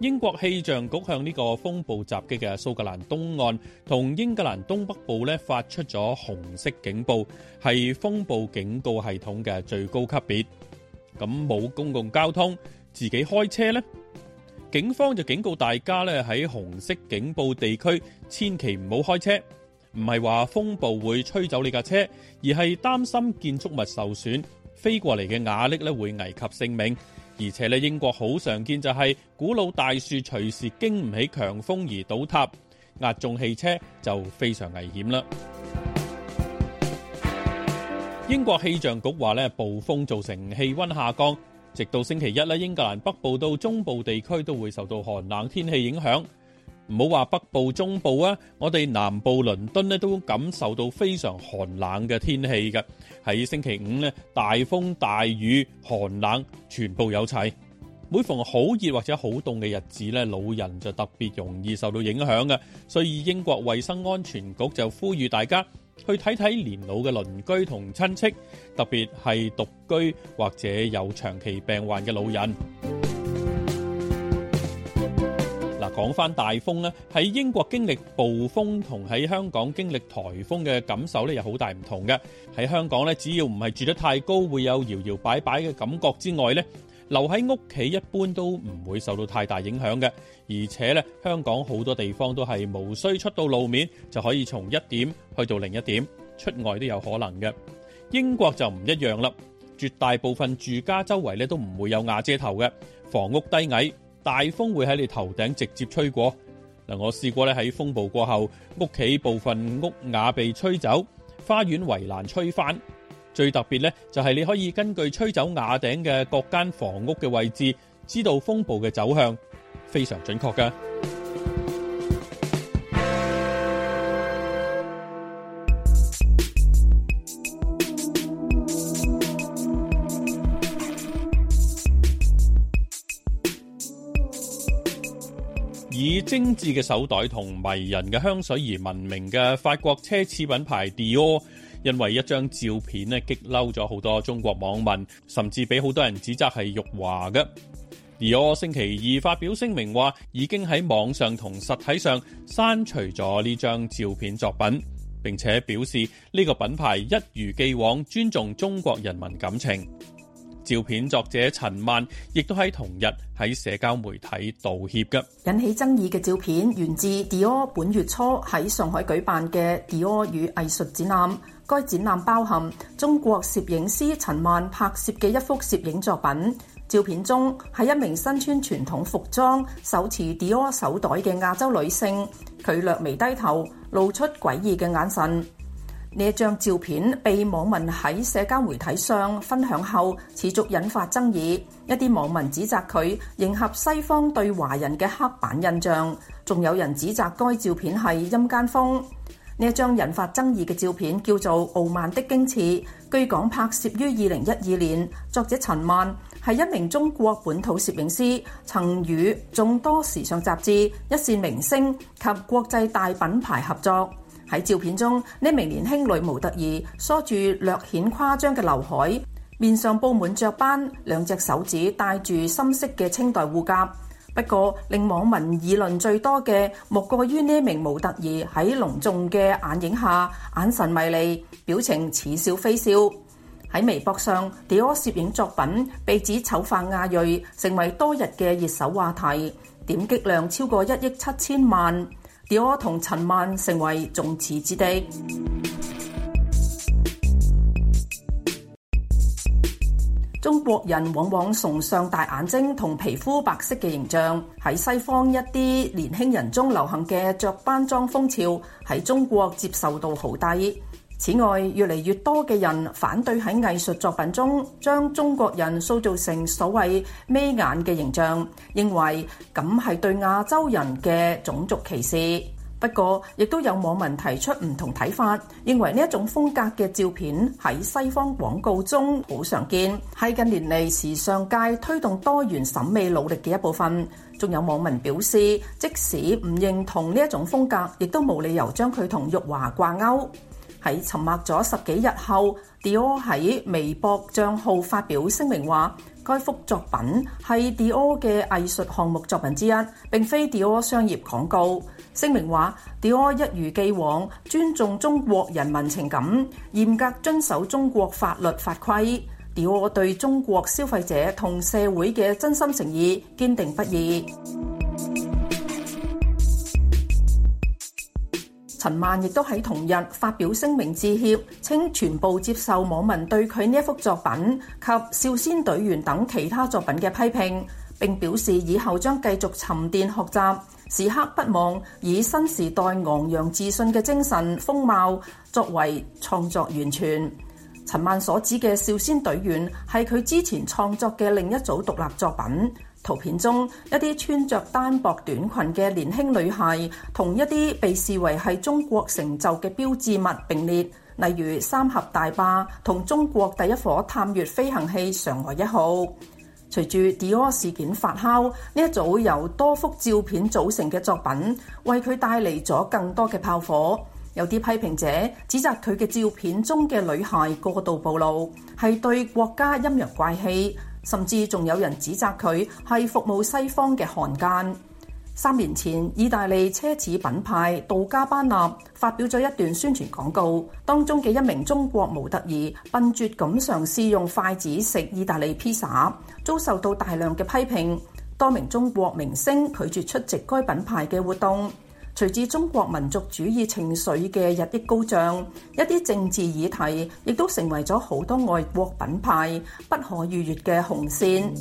英國氣象局向呢個風暴襲擊嘅蘇格蘭東岸同英格蘭東北部咧發出咗紅色警報，係風暴警告系統嘅最高級別。咁冇公共交通，自己開車呢？警方就警告大家咧喺紅色警報地區，千祈唔好開車。唔係話風暴會吹走你架車，而係擔心建築物受損，飛過嚟嘅瓦礫咧會危及性命。而且咧，英國好常見就係古老大樹隨時經唔起強風而倒塌，壓中汽車就非常危險啦。 英國氣象局話咧，暴風造成氣温下降，直到星期一咧，英格蘭北部到中部地區都會受到寒冷天氣影響。唔好話北部、中部啊，我哋南部倫敦呢都感受到非常寒冷嘅天氣㗎。喺星期五呢，大風、大雨、寒冷，全部有齊。每逢好熱或者好凍嘅日子呢，老人就特別容易受到影響嘅，所以英國衞生安全局就呼籲大家去睇睇年老嘅鄰居同親戚，特別係獨居或者有長期病患嘅老人。講返大風呢，喺英國經歷暴風同喺香港經歷颱風嘅感受呢，有好大唔同嘅。喺香港呢，只要唔係住得太高，會有搖搖擺擺嘅感覺之外呢，留喺屋企一般都唔會受到太大影響嘅。而且呢，香港好多地方都係無需出到路面就可以從一點去到另一點，出外都有可能嘅。英國就唔一樣啦，絕大部分住家周圍呢都唔會有瓦遮頭嘅房屋低矮。大風會喺你頭頂直接吹過。嗱，我試過咧喺風暴過後，屋企部分屋瓦被吹走，花園圍欄吹翻。最特別咧，就係你可以根據吹走瓦頂嘅各間房屋嘅位置，知道風暴嘅走向，非常準確㗎。以精緻嘅手袋同迷人嘅香水而聞名嘅法國奢侈品牌 Dior，因為一張照片咧激嬲咗好多中國網民，甚至俾好多人指責係辱華嘅。Dior 星期二發表聲明話，已經喺網上同實體上刪除咗呢張照片作品，並且表示呢個品牌一如既往尊重中國人民感情。照片作者陳漫亦都喺同日喺社交媒體道歉。引起爭議嘅照片源自 Dior 本月初喺上海舉辦嘅 Dior 與藝術展覽。該展覽包含中國攝影師陳漫拍攝嘅一幅攝影作品。照片中係一名身穿傳統服裝、手持 Dior 手袋嘅亞洲女性，佢略微低頭，露出詭異嘅眼神。呢一張照片被網民喺社交媒體上分享後，持續引發爭議。一啲網民指責佢迎合西方對華人嘅刻板印象，仲有人指責該照片係陰間風。呢一張引發爭議嘅照片叫做《傲慢的矜持》，據講拍攝於二零一二年。作者陳曼係一名中國本土攝影師，曾與眾多時尚雜誌、一線明星及國際大品牌合作。喺照片中，呢名年輕女模特兒梳住略顯誇張嘅劉海，面上布滿雀斑，兩隻手指戴住深色嘅清代護甲。不過，令網民議論最多嘅，莫過於呢名模特兒喺濃重嘅眼影下，眼神迷離，表情似笑非笑。喺微博上，Dior 攝影作品被指醜化亞裔，成為多日嘅熱搜話題，點擊量超過一億七千萬。Dior 同陳曼成為眾矢之的。中國人往往崇尚大眼睛同皮膚白色嘅形象，喺西方一啲年輕人中流行嘅着班裝風潮喺中國接受度好低。此外，越嚟越多嘅人反對喺藝術作品中將中國人塑造成所謂眯眼嘅形象，認為咁係對亞洲人嘅種族歧視。不過，亦都有網民提出唔同睇法，認為呢一種風格嘅照片喺西方廣告中好常見，係近年嚟時尚界推動多元審美努力嘅一部分。仲有網民表示，即使唔認同呢一種風格，亦都冇理由將佢同辱華掛鈎。喺沉默咗十幾日後，Dior 喺微博帳號發表聲明話，該幅作品係 Dior 嘅藝術項目作品之一，並非 Dior 商業廣告。聲明話，Dior 一如既往尊重中國人民情感，嚴格遵守中國法律法規。Dior 對中國消費者同社會嘅真心誠意堅定不移。陳漫亦都喺同日發表聲明致歉，稱全部接受網民對佢呢一幅作品及少先隊員等其他作品嘅批評，並表示以後將繼續沉澱學習，時刻不忘以新時代昂揚自信嘅精神風貌作為創作源泉。陳漫所指嘅少先隊員係佢之前創作嘅另一組獨立作品。圖片中一啲穿着單薄短裙嘅年輕女孩，同一啲被視為係中國成就嘅標誌物並列，例如三峽大壩同中國第一火探月飛行器嫦娥一號。隨住迪 i 事件發酵，呢一組由多幅照片組成嘅作品，為佢帶嚟咗更多嘅炮火。有啲批評者指責佢嘅照片中嘅女孩過度暴露，係對國家陰陽怪氣。甚至仲有人指責佢係服務西方嘅漢奸。三年前，意大利奢侈品牌杜嘉班納發表咗一段宣傳廣告，當中嘅一名中國模特兒笨拙咁嘗試用筷子食意大利披薩，遭受到大量嘅批評。多名中國明星拒絕出席該品牌嘅活動。隨住中國民族主義情緒嘅日益高漲，一啲政治議題亦都成為咗好多外國品牌不可逾越嘅紅線。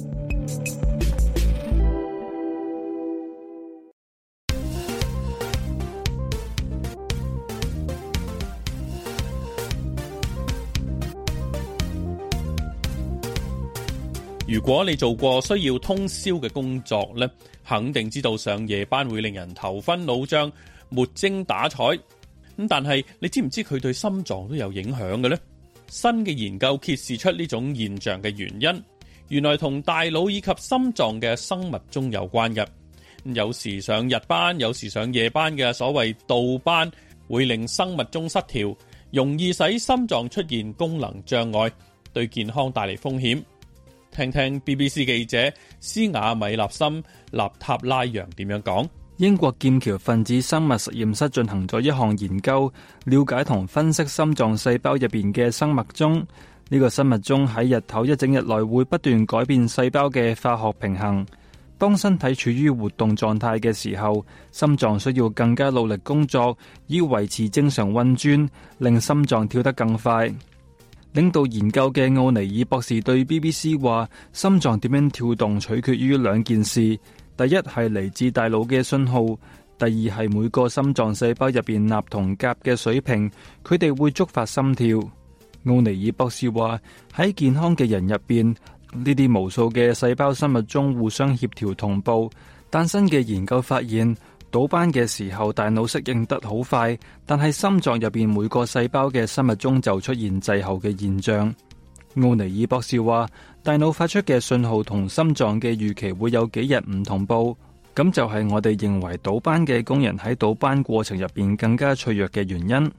如果你做過需要通宵嘅工作呢，肯定知道上夜班會令人頭昏腦脹、沒精打采。咁但係你知唔知佢對心臟都有影響嘅呢？新嘅研究揭示出呢種現象嘅原因，原來同大腦以及心臟嘅生物鐘有關嘅。有時上日班，有時上夜班嘅所謂倒班，會令生物鐘失調，容易使心臟出現功能障礙，對健康帶嚟風險。聽聽 BBC 記者斯雅米納森納塔拉揚點樣講？英國劍橋分子生物實驗室進行咗一項研究，了解同分析心臟細胞入邊嘅生物鐘。呢、這個生物鐘喺日頭一整日內會不斷改變細胞嘅化學平衡。當身體處於活動狀態嘅時候，心臟需要更加努力工作，以維持正常運轉，令心臟跳得更快。領導研究嘅奧尼爾博士對 BBC 話：心臟點樣跳動取決於兩件事，第一係嚟自大腦嘅信號，第二係每個心臟細胞入邊鈉同鉀嘅水平，佢哋會觸發心跳。奧尼爾博士話：喺健康嘅人入邊，呢啲無數嘅細胞生物鐘互相協調同步。但新嘅研究發現。倒班嘅時候，大腦適應得好快，但係心臟入邊每個細胞嘅生物鐘就出現滯後嘅現象。奧尼爾博士話，大腦發出嘅信號同心臟嘅預期會有幾日唔同步，咁就係我哋認為倒班嘅工人喺倒班過程入邊更加脆弱嘅原因。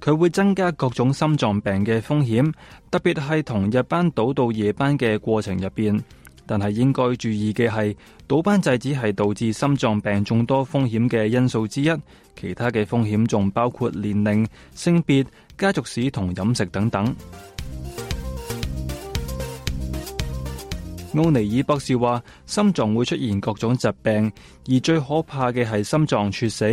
佢會增加各種心臟病嘅風險，特別係同日班倒到夜班嘅過程入邊。但係應該注意嘅係，倒班制只係導致心臟病眾多風險嘅因素之一。其他嘅風險仲包括年齡、性別、家族史同飲食等等。奧 尼爾博士話：心臟會出現各種疾病，而最可怕嘅係心臟猝死。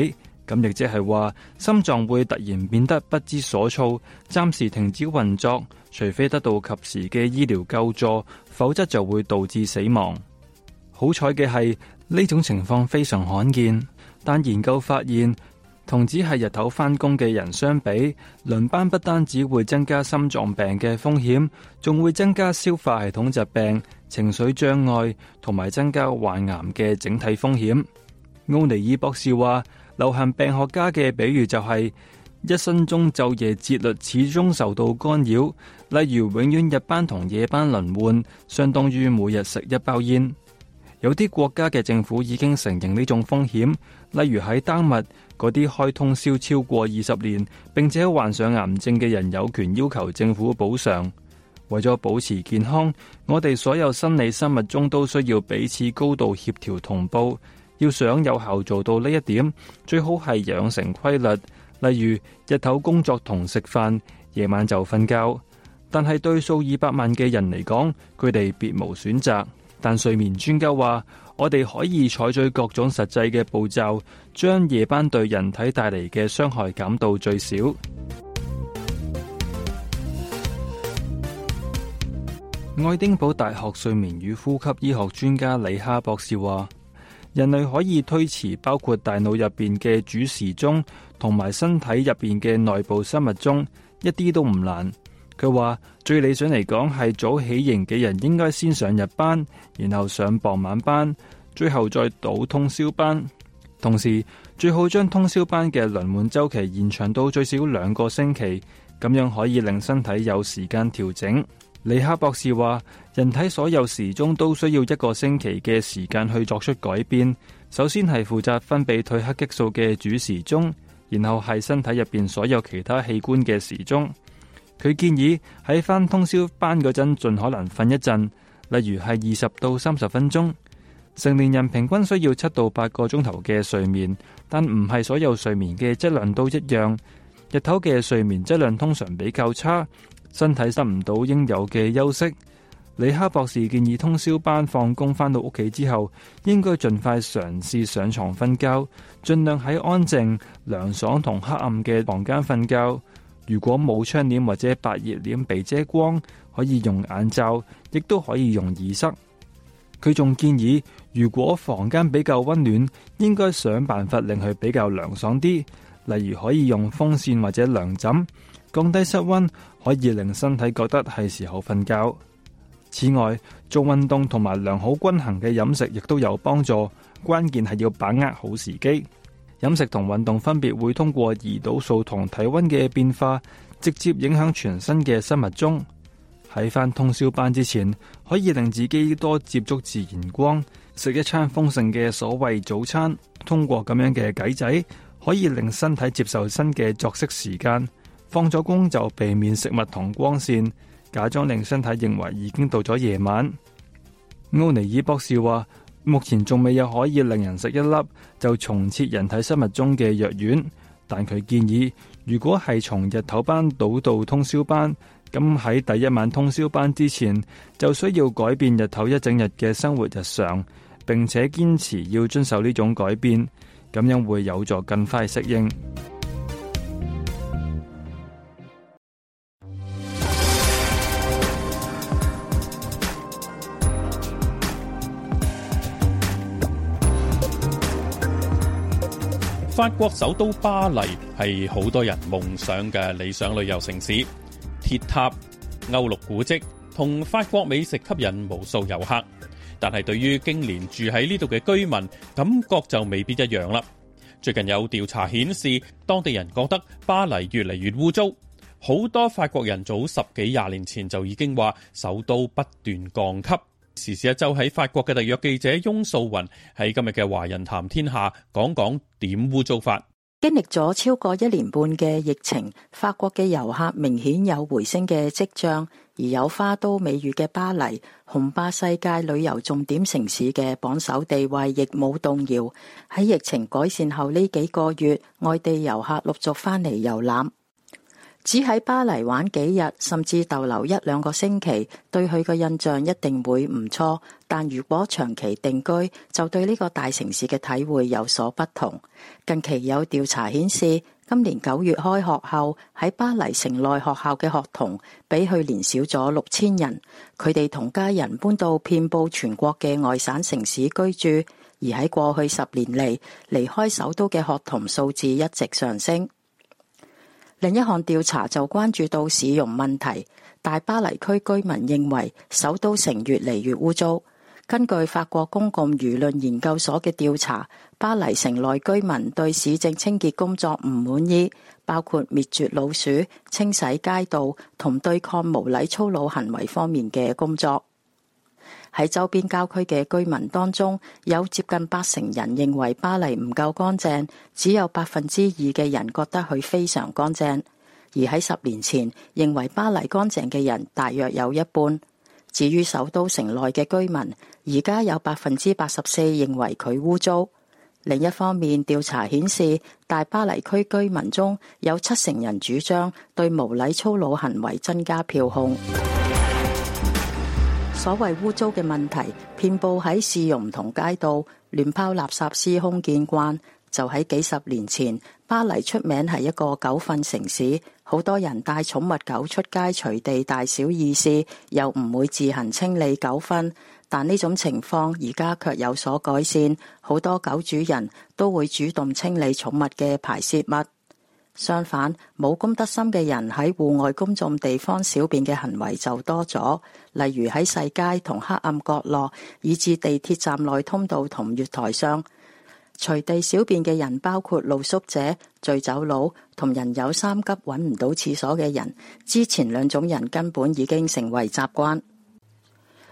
咁亦即係話，心臟會突然變得不知所措，暫時停止運作，除非得到及時嘅醫療救助。否則就會導致死亡。好彩嘅係呢種情況非常罕見，但研究發現，同只係日頭翻工嘅人相比，輪班不單只會增加心臟病嘅風險，仲會增加消化系統疾病、情緒障礙，同埋增加患癌嘅整體風險。奧尼爾博士話，流行病學家嘅比喻就係：一生中晝夜節律始終受到干擾，例如永遠日班同夜班輪換，相當於每日食一包煙。有啲國家嘅政府已經承認呢種風險，例如喺丹麥嗰啲開通宵超過二十年並且患上癌症嘅人有權要求政府補償。為咗保持健康，我哋所有生理生物鐘都需要彼此高度協調同步。要想有效做到呢一點，最好係養成規律。例如日頭工作同食飯，夜晚就瞓覺。但係對數以百萬嘅人嚟講，佢哋別無選擇。但睡眠專家話，我哋可以採取各種實際嘅步驟，將夜班對人體帶嚟嘅傷害減到最少。愛丁堡大學睡眠與呼吸醫學專家李哈博士話：人類可以推遲包括大腦入邊嘅主時鐘。同埋身體入邊嘅內部生物鐘一啲都唔難。佢話最理想嚟講係早起型嘅人應該先上日班，然後上傍晚班，最後再倒通宵班。同時最好將通宵班嘅輪換周期延長到最少兩個星期，咁樣可以令身體有時間調整。李克博士話，人體所有時鐘都需要一個星期嘅時間去作出改變。首先係負責分泌褪黑激素嘅主時鐘。然後係身體入邊所有其他器官嘅時鐘。佢建議喺翻通宵班嗰陣，盡可能瞓一陣，例如係二十到三十分鐘。成年人平均需要七到八個鐘頭嘅睡眠，但唔係所有睡眠嘅質量都一樣。日頭嘅睡眠質量通常比較差，身體得唔到應有嘅休息。李克博士建議通宵班放工翻到屋企之後，應該盡快嘗試上床瞓覺。盡量喺安靜、涼爽同黑暗嘅房間瞓覺。如果冇窗簾或者白熱簾被遮光，可以用眼罩，亦都可以用耳塞。佢仲建議，如果房間比較溫暖，應該想辦法令佢比較涼爽啲，例如可以用風扇或者涼枕，降低室溫，可以令身體覺得係時候瞓覺。此外，做運動同埋良好均衡嘅飲食亦都有幫助，關鍵係要把握好時機。飲食同運動分別會通過胰島素同體溫嘅變化，直接影響全身嘅生物鐘。喺返通宵班之前，可以令自己多接觸自然光，食一餐豐盛嘅所謂早餐。通過咁樣嘅計仔，可以令身體接受新嘅作息時間。放咗工就避免食物同光線。假裝令身體認為已經到咗夜晚。奧尼爾博士話：目前仲未有可以令人食一粒就重設人體生物鐘嘅藥丸，但佢建議，如果係從日頭班倒到通宵班，咁喺第一晚通宵班之前，就需要改變日頭一整日嘅生活日常，並且堅持要遵守呢種改變，咁樣會有助更快適應。法國首都巴黎係好多人夢想嘅理想旅遊城市，鐵塔、歐陸古蹟同法國美食吸引無數遊客。但係對於經年住喺呢度嘅居民，感覺就未必一樣啦。最近有調查顯示，當地人覺得巴黎越嚟越污糟。好多法國人早十幾廿年前就已經話，首都不斷降級。時事一周喺法國嘅特約記者翁素云喺今日嘅《華人談天下》講講點污糟法。經歷咗超過一年半嘅疫情，法國嘅遊客明顯有回升嘅跡象，而有花都美譽嘅巴黎，雄霸世界旅遊重點城市嘅榜首地位亦冇動搖。喺疫情改善後呢幾個月，外地遊客陸續翻嚟遊覽。只喺巴黎玩幾日，甚至逗留一兩個星期，對佢嘅印象一定會唔錯。但如果長期定居，就對呢個大城市嘅體會有所不同。近期有調查顯示，今年九月開學後，喺巴黎城內學校嘅學童比去年少咗六千人。佢哋同家人搬到遍布全國嘅外省城市居住，而喺過去十年嚟，離開首都嘅學童數字一直上升。另一項調查就關注到市容問題，大巴黎區居民認為首都城越嚟越污糟。根據法國公共輿論研究所嘅調查，巴黎城內居民對市政清潔工作唔滿意，包括滅絕老鼠、清洗街道同對抗無禮粗魯行為方面嘅工作。喺周邊郊區嘅居民當中，有接近八成人認為巴黎唔夠乾淨，只有百分之二嘅人覺得佢非常乾淨。而喺十年前，認為巴黎乾淨嘅人大約有一半。至於首都城內嘅居民，而家有百分之八十四認為佢污糟。另一方面，調查顯示，大巴黎區居民中有七成人主張對無禮粗魯行為增加票控。所謂污糟嘅問題，遍佈喺市容同街道，亂拋垃圾司空見慣。就喺幾十年前，巴黎出名係一個狗糞城市，好多人帶寵物狗出街，隨地大小意思，又唔會自行清理狗糞。但呢種情況而家卻有所改善，好多狗主人都會主動清理寵物嘅排泄物。相反，冇公德心嘅人喺戶外公眾地方小便嘅行為就多咗，例如喺世界同黑暗角落，以至地鐵站內通道同月台上隨地小便嘅人，包括露宿者、醉酒佬同人有三急揾唔到廁所嘅人。之前兩種人根本已經成為習慣。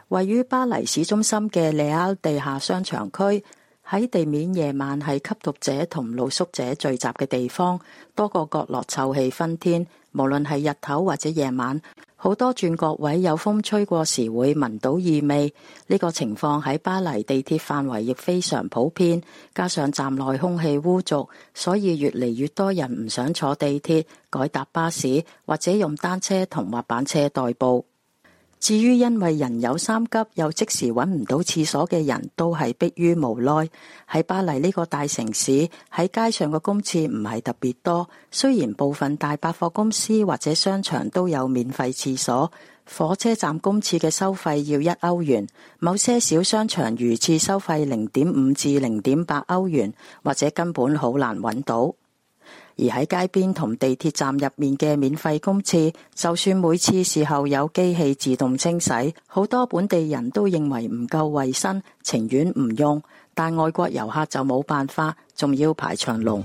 位於巴黎市中心嘅利歐地下商場區。喺地面夜晚係吸毒者同露宿者聚集嘅地方，多個角落臭氣熏天。無論係日頭或者夜晚，好多轉角位有風吹過時會聞到異味。呢個情況喺巴黎地鐵範圍亦非常普遍，加上站內空氣污濁，所以越嚟越多人唔想坐地鐵改搭巴士或者用單車同滑板車代步。至於因為人有三急又即時揾唔到廁所嘅人，都係迫於無奈。喺巴黎呢個大城市，喺街上嘅公廁唔係特別多，雖然部分大百貨公司或者商場都有免費廁所，火車站公廁嘅收費要一歐元，某些小商場如廁收費零點五至零點八歐元，或者根本好難揾到。而喺街邊同地鐵站入面嘅免費公廁，就算每次事後有機器自動清洗，好多本地人都認為唔夠衞生，情願唔用。但外國遊客就冇辦法，仲要排長龍。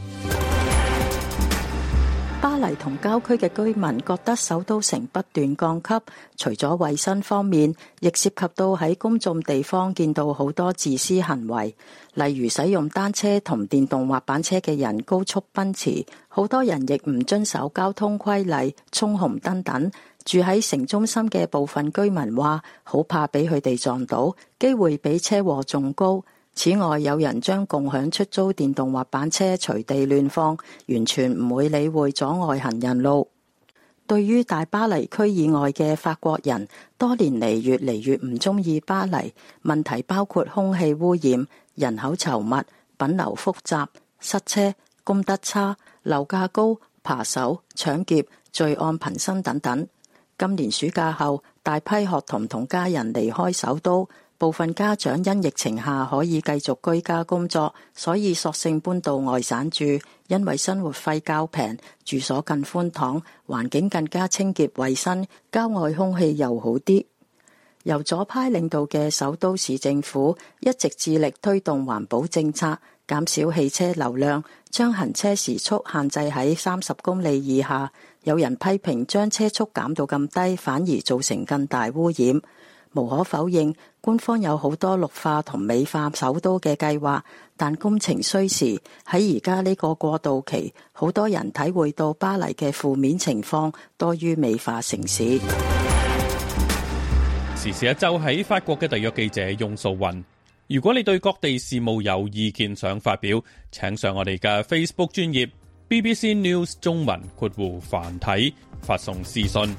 巴黎同郊區嘅居民覺得首都城不斷降級，除咗衛生方面，亦涉及到喺公眾地方見到好多自私行為，例如使用單車同電動滑板車嘅人高速奔馳，好多人亦唔遵守交通規例，衝紅燈等。住喺城中心嘅部分居民話好怕俾佢哋撞到，機會比車禍仲高。此外，有人將共享出租電動滑板車隨地亂放，完全唔會理會阻礙行人路。對於大巴黎區以外嘅法國人，多年嚟越嚟越唔中意巴黎。問題包括空氣污染、人口稠密、品流複雜、塞車、公德差、樓價高、扒手、搶劫、罪案頻生等等。今年暑假後，大批學童同家人離開首都。部分家長因疫情下可以繼續居家工作，所以索性搬到外省住，因為生活費較平，住所更寬敞，環境更加清潔衞生，郊外空氣又好啲。由左派領導嘅首都市政府一直致力推動環保政策，減少汽車流量，將行車時速限制喺三十公里以下。有人批評將車速減到咁低，反而造成更大污染。無可否認，官方有好多綠化同美化首都嘅計劃，但工程需時。喺而家呢個過渡期，好多人體會到巴黎嘅負面情況多於美化城市。時事一周喺法國嘅特約記者用素雲。如果你對各地事務有意見想發表，請上我哋嘅 Facebook 專頁 BBC News 中文括弧繁體發送私信。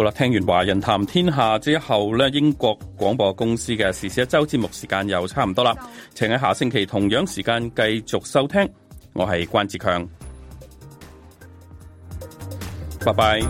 好啦，聽完華人談天下之後咧，英國廣播公司嘅時事一周節目時間又差唔多啦，請喺下星期同樣時間繼續收聽，我係關志強，拜拜。